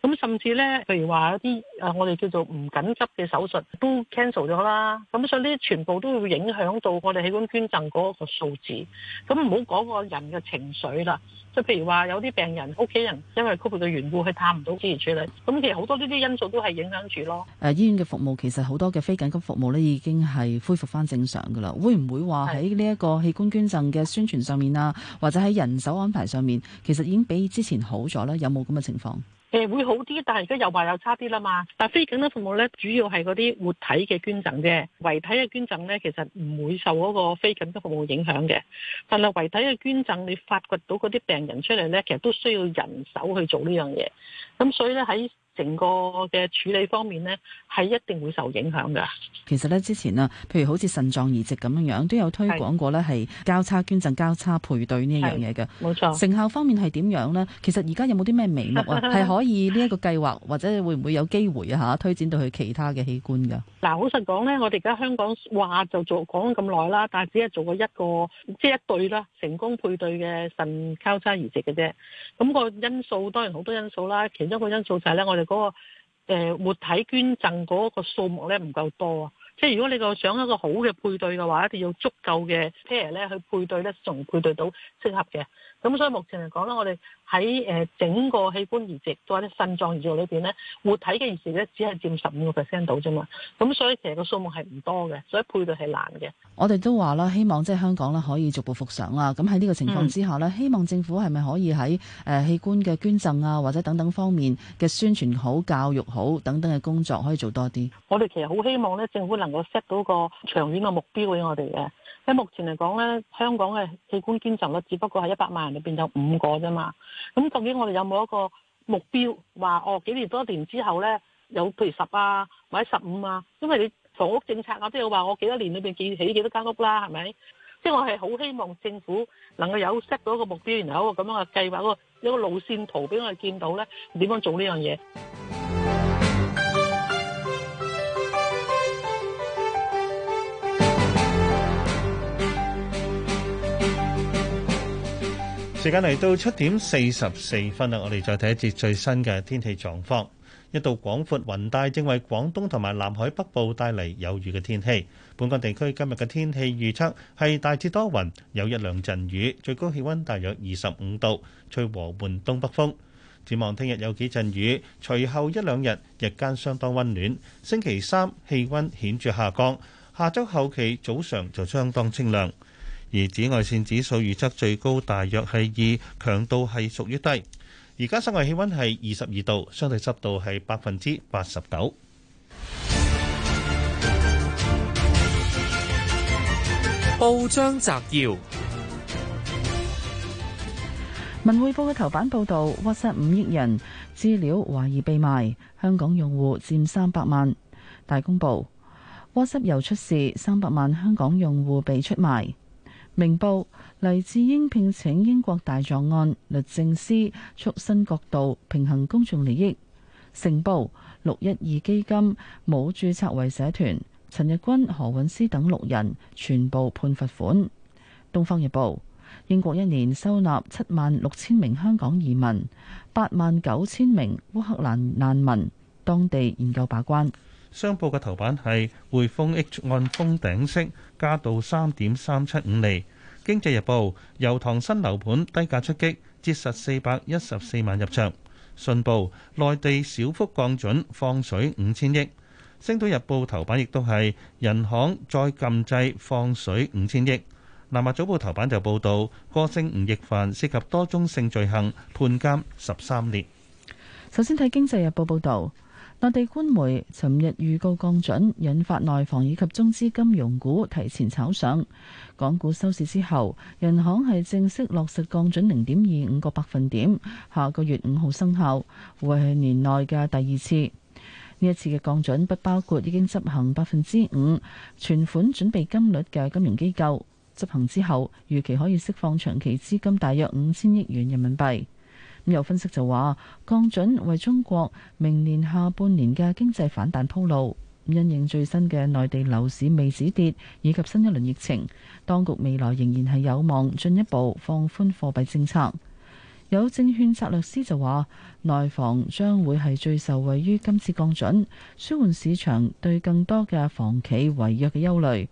咁甚至呢，譬如話一啲誒、啊，我哋叫做唔緊急嘅手術都 cancel 咗啦。咁所以呢啲全部都會影響到我哋器官捐贈嗰個數字。咁唔好講個人嘅情緒啦，即係譬如話有啲病人屋企人因為 COVID 嘅緣故，佢探唔到資源處理。咁其實好多呢啲因素都係影響住咯。誒、啊，醫院嘅服務其實好多嘅非緊急服務。我咧已經係恢復翻正常噶啦，會唔會話喺呢一個器官捐贈嘅宣傳上面啊，或者喺人手安排上面，其實已經比之前好咗咧？有冇咁嘅情況？誒，會好啲，但係而家又話又差啲啦嘛。但係非緊急服務咧，主要係嗰啲活體嘅捐贈啫，遺體嘅捐贈咧，其實唔會受嗰個非緊急服務影響嘅。但係遺體嘅捐贈，你發掘到嗰啲病人出嚟咧，其實都需要人手去做呢樣嘢。咁所以咧喺成個嘅處理方面呢，係一定會受影響嘅。其實呢，之前啊，譬如好似腎臟移植咁樣樣，都有推廣過呢係是交叉捐贈、交叉配對呢樣嘢嘅。冇錯。成效方面係點樣呢？其實而家有冇啲咩眉目啊？係 可以呢一個計劃，或者會唔會有機會啊？嚇，推展到去其他嘅器官嘅？嗱，老實講呢，我哋而家香港話就做講咁耐啦，但係只係做過一個即係、就是、一對啦，成功配對嘅腎交叉移植嘅啫。咁、那個因素當然好多因素啦，其中一個因素就係咧，我哋。嗰個誒活體捐贈嗰個數目咧唔夠多啊，即係如果你個想一個好嘅配對嘅話，一定要足夠嘅 pair 咧去配對咧，仲配對到適合嘅。咁所以目前嚟講咧，我哋喺誒整個器官移植，都或者腎臟移植裏邊咧，活體嘅移植咧，只係佔十五個 percent 度啫嘛。咁所以其實個數目係唔多嘅，所以配對係難嘅。我哋都話啦，希望即係香港咧可以逐步復常啦。咁喺呢個情況之下咧，嗯、希望政府係咪可以喺誒器官嘅捐贈啊，或者等等方面嘅宣傳好、教育好等等嘅工作可以做多啲？我哋其實好希望咧，政府能夠 set 到個長遠嘅目標俾我哋嘅。喺目前嚟講咧，香港嘅器官捐贈率只不過係一百萬。裏邊有五個啫嘛，咁究竟我哋有冇一個目標，話哦幾年多一年之後呢，有譬如十啊，或者十五啊，因為你房屋政策我都要話我幾多年裏邊建起幾多間屋啦，係咪？即係我係好希望政府能夠有 set 到一個目標，然後一個咁樣嘅計劃，一個一個路線圖俾我哋見到呢，點樣做呢樣嘢？時間嚟到七點四十四分啦，我哋再睇一次最新嘅天氣狀況。一道廣闊雲帶正為廣東同埋南海北部帶嚟有雨嘅天氣。本港地區今日嘅天氣預測係大致多雲，有一兩陣雨，最高氣溫大約二十五度，吹和緩東北風。展望聽日有幾陣雨，隨後一兩日日間相當溫暖。星期三氣溫顯著下降，下周後期早上就相當清涼。而紫外線指數預測最高，大約係二強度，係屬於低。而家室外氣温係二十二度，相對濕度係百分之八十九。報章摘要：文匯報嘅頭版報導，WhatsApp 五億人資料懷疑被賣，香港用戶佔三百萬。大公報：WhatsApp 又出事，三百萬香港用戶被出賣。明報黎智英聘請英國大狀案律政司促新角度平衡公眾利益。成報六一二基金冇註冊為社團，陳日君、何韻詩等六人全部判罰款。《東方日報》英國一年收納七萬六千名香港移民，八萬九千名烏克蘭難民，當地研究把關。商報嘅頭版係匯豐 H 按封頂式加到三點三七五厘。經濟日報，油塘新樓盤低價出擊，節實四百一十四萬入場。信報，內地小幅降準，放水五千億。星島日報頭版亦都係人行再禁制放水五千億。南華早報頭版就報導，歌星吳亦凡涉及多宗性罪行，判監十三年。首先睇經濟日報報導。內地官媒尋日預告降準，引發內房以及中資金融股提前炒上。港股收市之後，人行係正式落實降準零點二五個百分點，下個月五號生效，會係年內嘅第二次。呢一次嘅降準不包括已經執行百分之五存款準備金率嘅金融機構。執行之後，預期可以釋放長期資金大約五千億元人民幣。咁有分析就話降準為中國明年下半年嘅經濟反彈鋪路，因應最新嘅內地樓市未止跌，以及新一輪疫情，當局未來仍然係有望進一步放寬貨幣政策。有證券策略師就話，內房將會係最受惠於今次降準，舒緩市場對更多嘅房企違約嘅憂慮。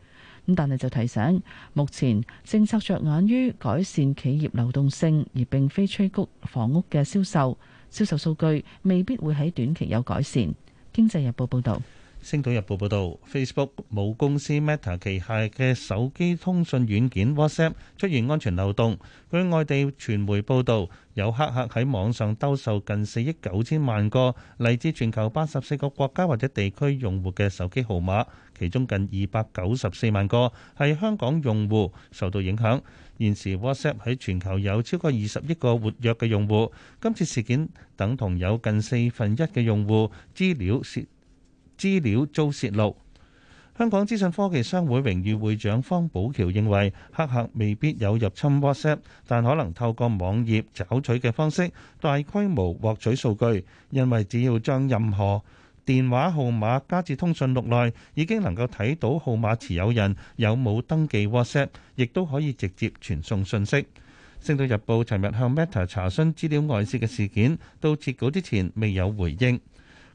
咁但係就提醒，目前政策着眼於改善企業流動性，而並非催谷房屋嘅銷售。銷售數據未必會喺短期有改善。經濟日報報導。《星島日報》報導，Facebook 母公司 Meta 旗下嘅手機通訊軟件 WhatsApp 出現安全漏洞。據外地傳媒報導，有黑客喺網上兜售近四億九千萬個嚟自全球八十四個國家或者地區用戶嘅手機號碼，其中近二百九十四萬個係香港用戶受到影響。現時 WhatsApp 喺全球有超過二十億個活躍嘅用戶，今次事件等同有近四分一嘅用戶資料泄。資料遭泄露，香港資訊科技商會榮譽會長方寶橋認為黑客未必有入侵 WhatsApp，但可能透過網頁抓取嘅方式大規模獲取數據，因為只要將任何電話號碼加至通訊錄內，已經能夠睇到號碼持有人有冇登記 WhatsApp，亦都可以直接傳送信息。星島日報尋日向 Meta 查詢資料外泄嘅事件，到截稿之前未有回應。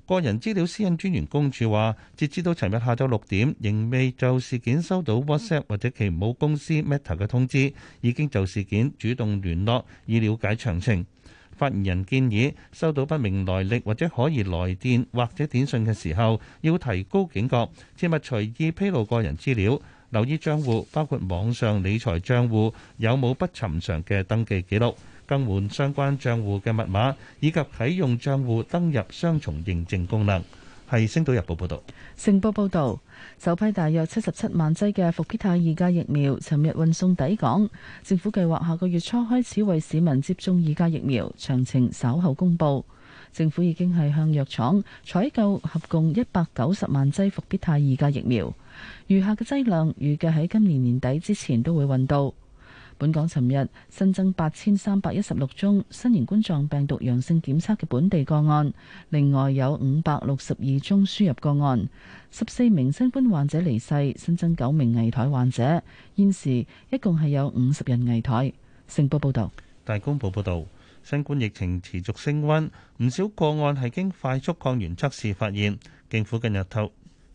個人資料私隱專員公署話，截至到尋日下晝六點，仍未就事件收到 WhatsApp 或者其母公司 Meta 嘅通知，已經就事件主動聯絡以了解詳情。發言人建議，收到不明來歷或者可疑來電或者短信嘅時候，要提高警覺，切勿隨意披露個人資料，留意帳戶包括網上理財帳戶有冇不尋常嘅登記記錄。更換相關賬戶嘅密碼，以及啟用賬戶登入雙重認證功能。係星島日報報道。成報報道，首批大約七十七萬劑嘅復必泰二價疫苗，尋日運送抵港。政府計劃下個月初開始為市民接種二價疫苗，詳情稍後公布。政府已經係向藥廠採購合共一百九十萬劑復必泰二價疫苗，餘下劑餘下嘅劑量預計喺今年年底之前都會運到。本港尋日新增八千三百一十六宗新型冠狀病毒陽性檢測嘅本地個案，另外有五百六十二宗輸入個案，十四名新冠患者離世，新增九名危殆患者，現時一共係有五十人危殆。成報報道。《大公報》報道，新冠疫情持續升溫，唔少個案係經快速抗原測試發現，政府近日透。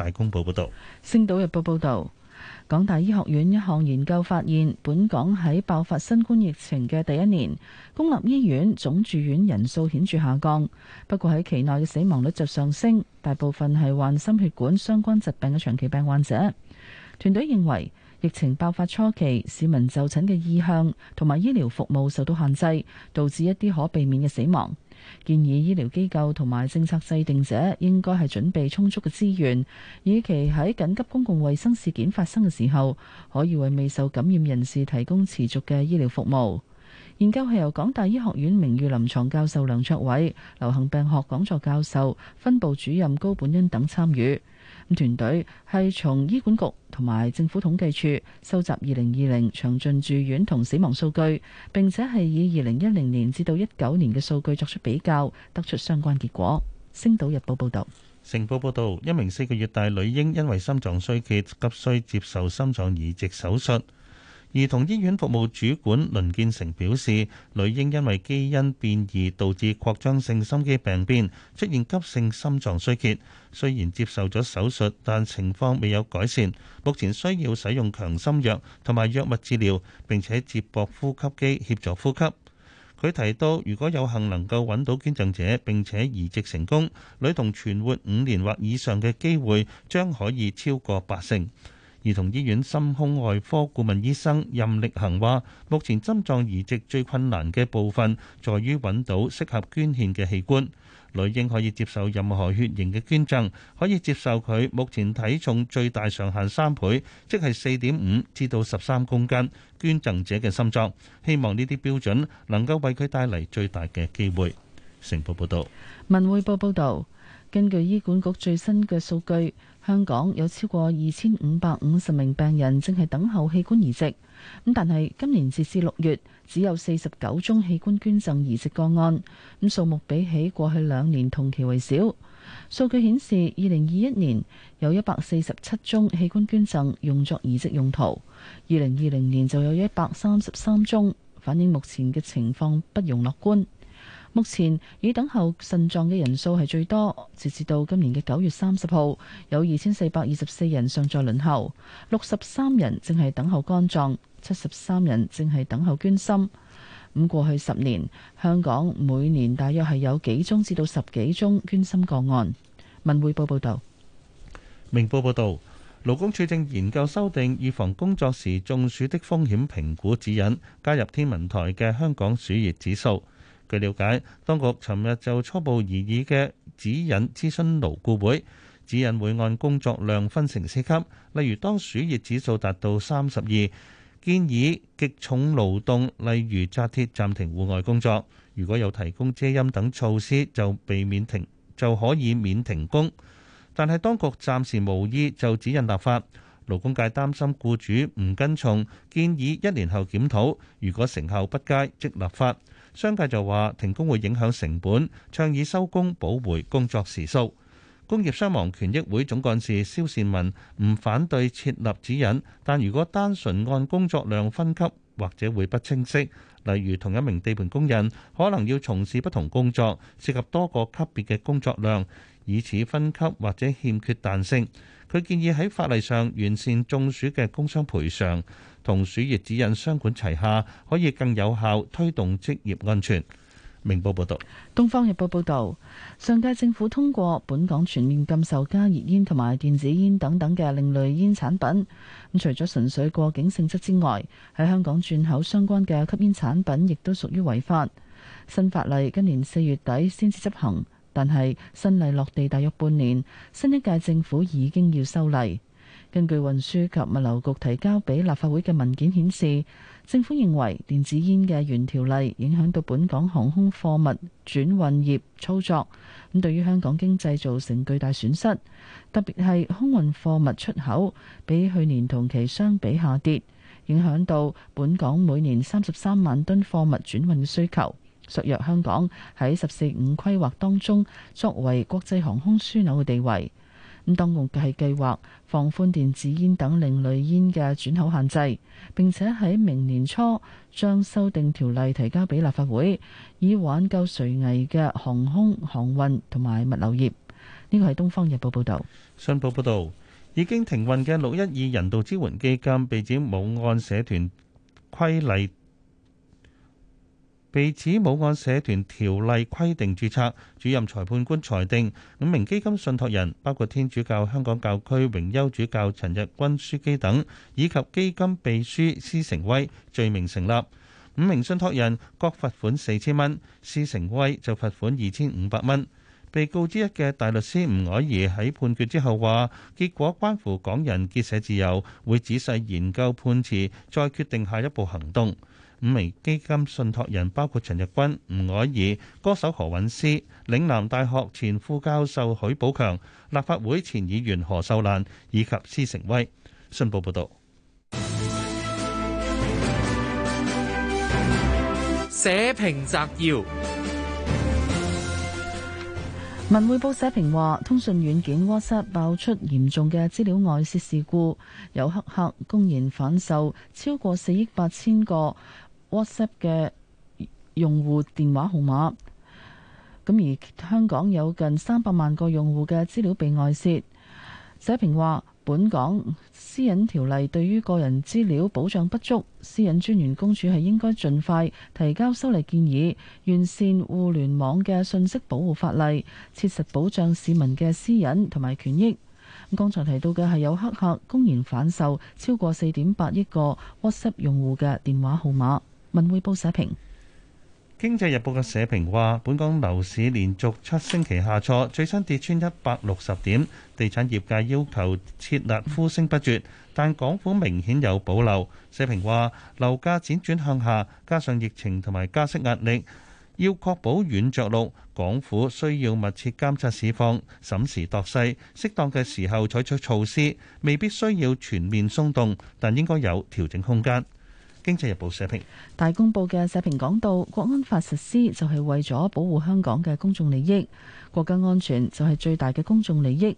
大公報報道，《星島日報》報道，港大醫學院一項研究發現，本港喺爆發新冠疫情嘅第一年，公立醫院總住院人數顯著下降，不過喺期內嘅死亡率就上升，大部分係患心血管相關疾病嘅長期病患者。團隊認為，疫情爆發初期，市民就診嘅意向同埋醫療服務受到限制，導致一啲可避免嘅死亡。建議醫療機構同埋政策制定者應該係準備充足嘅資源，以期喺緊急公共衛生事件發生嘅時候，可以為未受感染人士提供持續嘅醫療服務。研究係由港大醫學院名譽臨床教授梁卓偉、流行病學講座教授、分部主任高本恩等參與。團隊係從醫管局同埋政府統計處收集二零二零長進住院同死亡數據，並且係以二零一零年至到一九年嘅數據作出比較，得出相關結果。星島日報報道：《成報》報道，一名四個月大女嬰因為心臟衰竭，急需接受心臟移植手術。兒童醫院服務主管林建成表示，女嬰因為基因變異導致擴張性心肌病變，出現急性心臟衰竭。雖然接受咗手術，但情況未有改善。目前需要使用強心藥同埋藥物治療，並且接駁呼吸機協助呼吸。佢提到，如果有幸能夠揾到捐贈者並且移植成功，女童存活五年或以上嘅機會將可以超過八成。兒童醫院心胸外科顧問醫生任力恒話：目前心臟移植最困難嘅部分，在於揾到適合捐獻嘅器官。女嬰可以接受任何血型嘅捐贈，可以接受佢目前體重最大上限三倍，即係四點五至到十三公斤捐贈者嘅心臟。希望呢啲標準能夠為佢帶嚟最大嘅機會。成報報道：「文匯報報道，根據醫管局最新嘅數據。香港有超過二千五百五十名病人正係等候器官移植，咁但係今年截至六月只有四十九宗器官捐贈移植個案，咁數目比起過去兩年同期為少。數據顯示，二零二一年有一百四十七宗器官捐贈用作移植用途，二零二零年就有一百三十三宗，反映目前嘅情況不容樂觀。目前已等候腎臟嘅人數係最多，截至到今年嘅九月三十號，有二千四百二十四人尚在輪候，六十三人正係等候肝臟，七十三人正係等候捐心。咁過去十年，香港每年大約係有幾宗至到十幾宗捐心個案。文匯報報道，明報報道，勞工處正研究修訂預防工作時中暑的風險評估指引，加入天文台嘅香港暑熱指數。據了解，當局尋日就初步擬議嘅指引諮詢勞顧會指引，會按工作量分成四級。例如，當暑熱指數達到三十二，建議極重勞動，例如紮鐵，暫停戶外工作。如果有提供遮陰等措施，就避免停就可以免停工。但係當局暫時無意就指引立法，勞工界擔心僱主唔跟從，建議一年後檢討。如果成效不佳，即立法。商界就話停工會影響成本，倡議收工補回工作時數。工業傷亡權益會總幹事蕭善文唔反對設立指引，但如果單純按工作量分級，或者會不清晰。例如同一名地盤工人可能要從事不同工作，涉及多個級別嘅工作量，以此分級或者欠缺彈性。佢建議喺法例上完善中暑嘅工傷賠償，同暑熱指引雙管齊下，可以更有效推動職業安全。明報報道。東方日報報道，上屆政府通過本港全面禁售加熱煙同埋電子煙等等嘅另類煙產品。咁除咗純粹過境性質之外，喺香港轉口相關嘅吸煙產品亦都屬於違法。新法例今年四月底先至執行。但係新例落地大約半年，新一屆政府已經要修例。根據運輸及物流局提交俾立法會嘅文件顯示，政府認為電子煙嘅原條例影響到本港航空貨物轉運業操作，咁對於香港經濟造成巨大損失，特別係空運貨物出口比去年同期相比下跌，影響到本港每年三十三萬噸貨物轉運嘅需求。削弱香港喺十四五規劃當中作為國際航空樞紐嘅地位。咁當局係計劃放寬電子煙等另類煙嘅轉口限制，並且喺明年初將修訂條例提交俾立法會，以挽救垂危嘅航空、航運同埋物流業。呢個係《東方日報》報導。信報報導，已經停運嘅六一二人道支援基金被指冇按社團規例。被指冇按社團條例規定註冊，主任裁判官裁定五名基金信託人，包括天主教香港教區榮休主教陳日君樞機等，以及基金秘書施成威罪名成立。五名信託人各罰款四千蚊，施成威就罰款二千五百蚊。被告之一嘅大律師吳靄儀喺判決之後話結果關乎港人結社自由，會仔細研究判詞再決定下一步行動。五名基金信託人包括陳日君、吳凱爾、歌手何韻詩、嶺南大學前副教授許寶強、立法會前議員何秀蘭以及施成威。信報報道。社評摘要：文匯報社評話，通訊軟件 WhatsApp 爆出嚴重嘅資料外泄事故，有黑客公然販售超過四億八千個。WhatsApp 嘅用戶電話號碼咁，而香港有近三百萬個用戶嘅資料被外洩。社評話，本港私隱條例對於個人資料保障不足，私隱專員公署係應該盡快提交修例建議，完善互聯網嘅信息保護法例，切實保障市民嘅私隱同埋權益。咁剛才提到嘅係有黑客公然反售超過四點八億個 WhatsApp 用戶嘅電話號碼。文匯報社評：經濟日報嘅社評話，本港樓市連續七星期下挫，最新跌穿一百六十點，地產業界要求設立呼聲不絕，但港府明顯有保留。社評話，樓價輾轉向下，加上疫情同埋加息壓力，要確保軟着陸，港府需要密切監察市況，審時度勢，適當嘅時候採取措施，未必需要全面鬆動，但應該有調整空間。《經濟日報》社評。大公報嘅社評講到，國安法實施就係為咗保護香港嘅公眾利益，國家安全就係最大嘅公眾利益。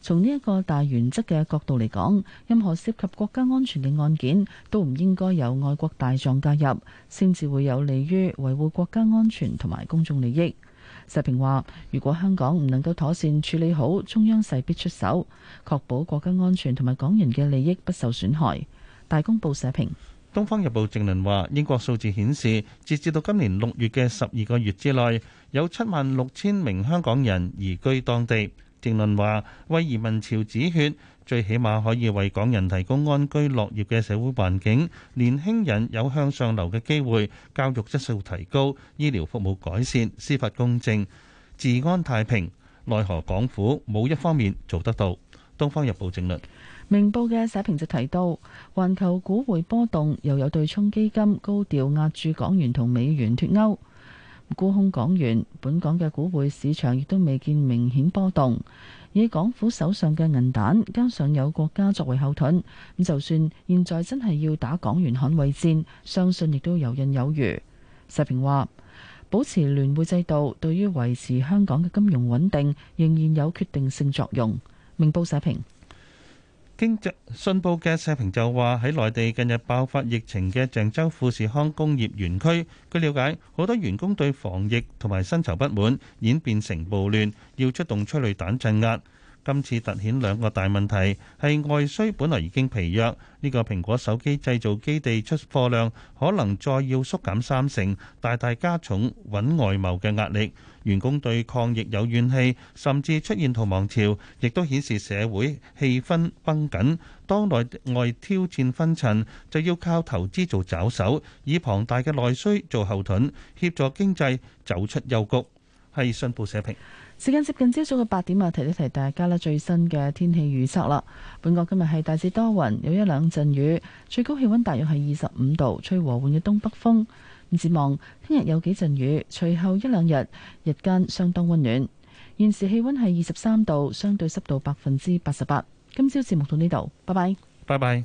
從呢一個大原則嘅角度嚟講，任何涉及國家安全嘅案件都唔應該有外國大狀介入，先至會有利於維護國家安全同埋公眾利益。社評話：如果香港唔能夠妥善處理好，中央勢必出手，確保國家安全同埋港人嘅利益不受損害。大公報社評。《東方日報》政論話：英國數字顯示，截至到今年六月嘅十二個月之內，有七萬六千名香港人移居當地。政論話：為移民潮止血，最起碼可以為港人提供安居樂業嘅社會環境，年輕人有向上流嘅機會，教育質素提高，醫療服務改善，司法公正，治安太平。奈何港府冇一方面做得到，《東方日報》政論。明報嘅社評就提到，環球股匯波動，又有對沖基金高調壓住港元同美元脫鈎，沽空港元，本港嘅股匯市場亦都未見明顯波動。以港府手上嘅銀彈，加上有國家作為後盾，咁就算現在真係要打港元捍衛戰，相信亦都游刃有餘。社評話，保持聯匯制度對於維持香港嘅金融穩定仍然有決定性作用。明報社評。《經濟信報》嘅社評就話：喺內地近日爆發疫情嘅鄭州富士康工業園區，據了解，好多員工對防疫同埋薪酬不滿，演變成暴亂，要出動催淚彈鎮壓。今次突顯兩個大問題，係外需本來已經疲弱，呢個蘋果手機製造基地出貨量可能再要縮減三成，大大加重穩外貿嘅壓力。員工對抗疫有怨氣，甚至出現逃亡潮，亦都顯示社會氣氛崩緊。當內外挑戰紛陳，就要靠投資做抓手，以龐大嘅內需做後盾，協助經濟走出幽谷。係信報社評。時間接近朝早嘅八點啊，提一提大家啦，最新嘅天氣預測啦。本港今日係大致多雲，有一兩陣雨，最高氣温大約係二十五度，吹和緩嘅東北風。展望聽日有幾陣雨，隨後一兩日日間相當溫暖。現時氣溫係二十三度，相對濕度百分之八十八。今朝節目到呢度，拜拜。拜拜。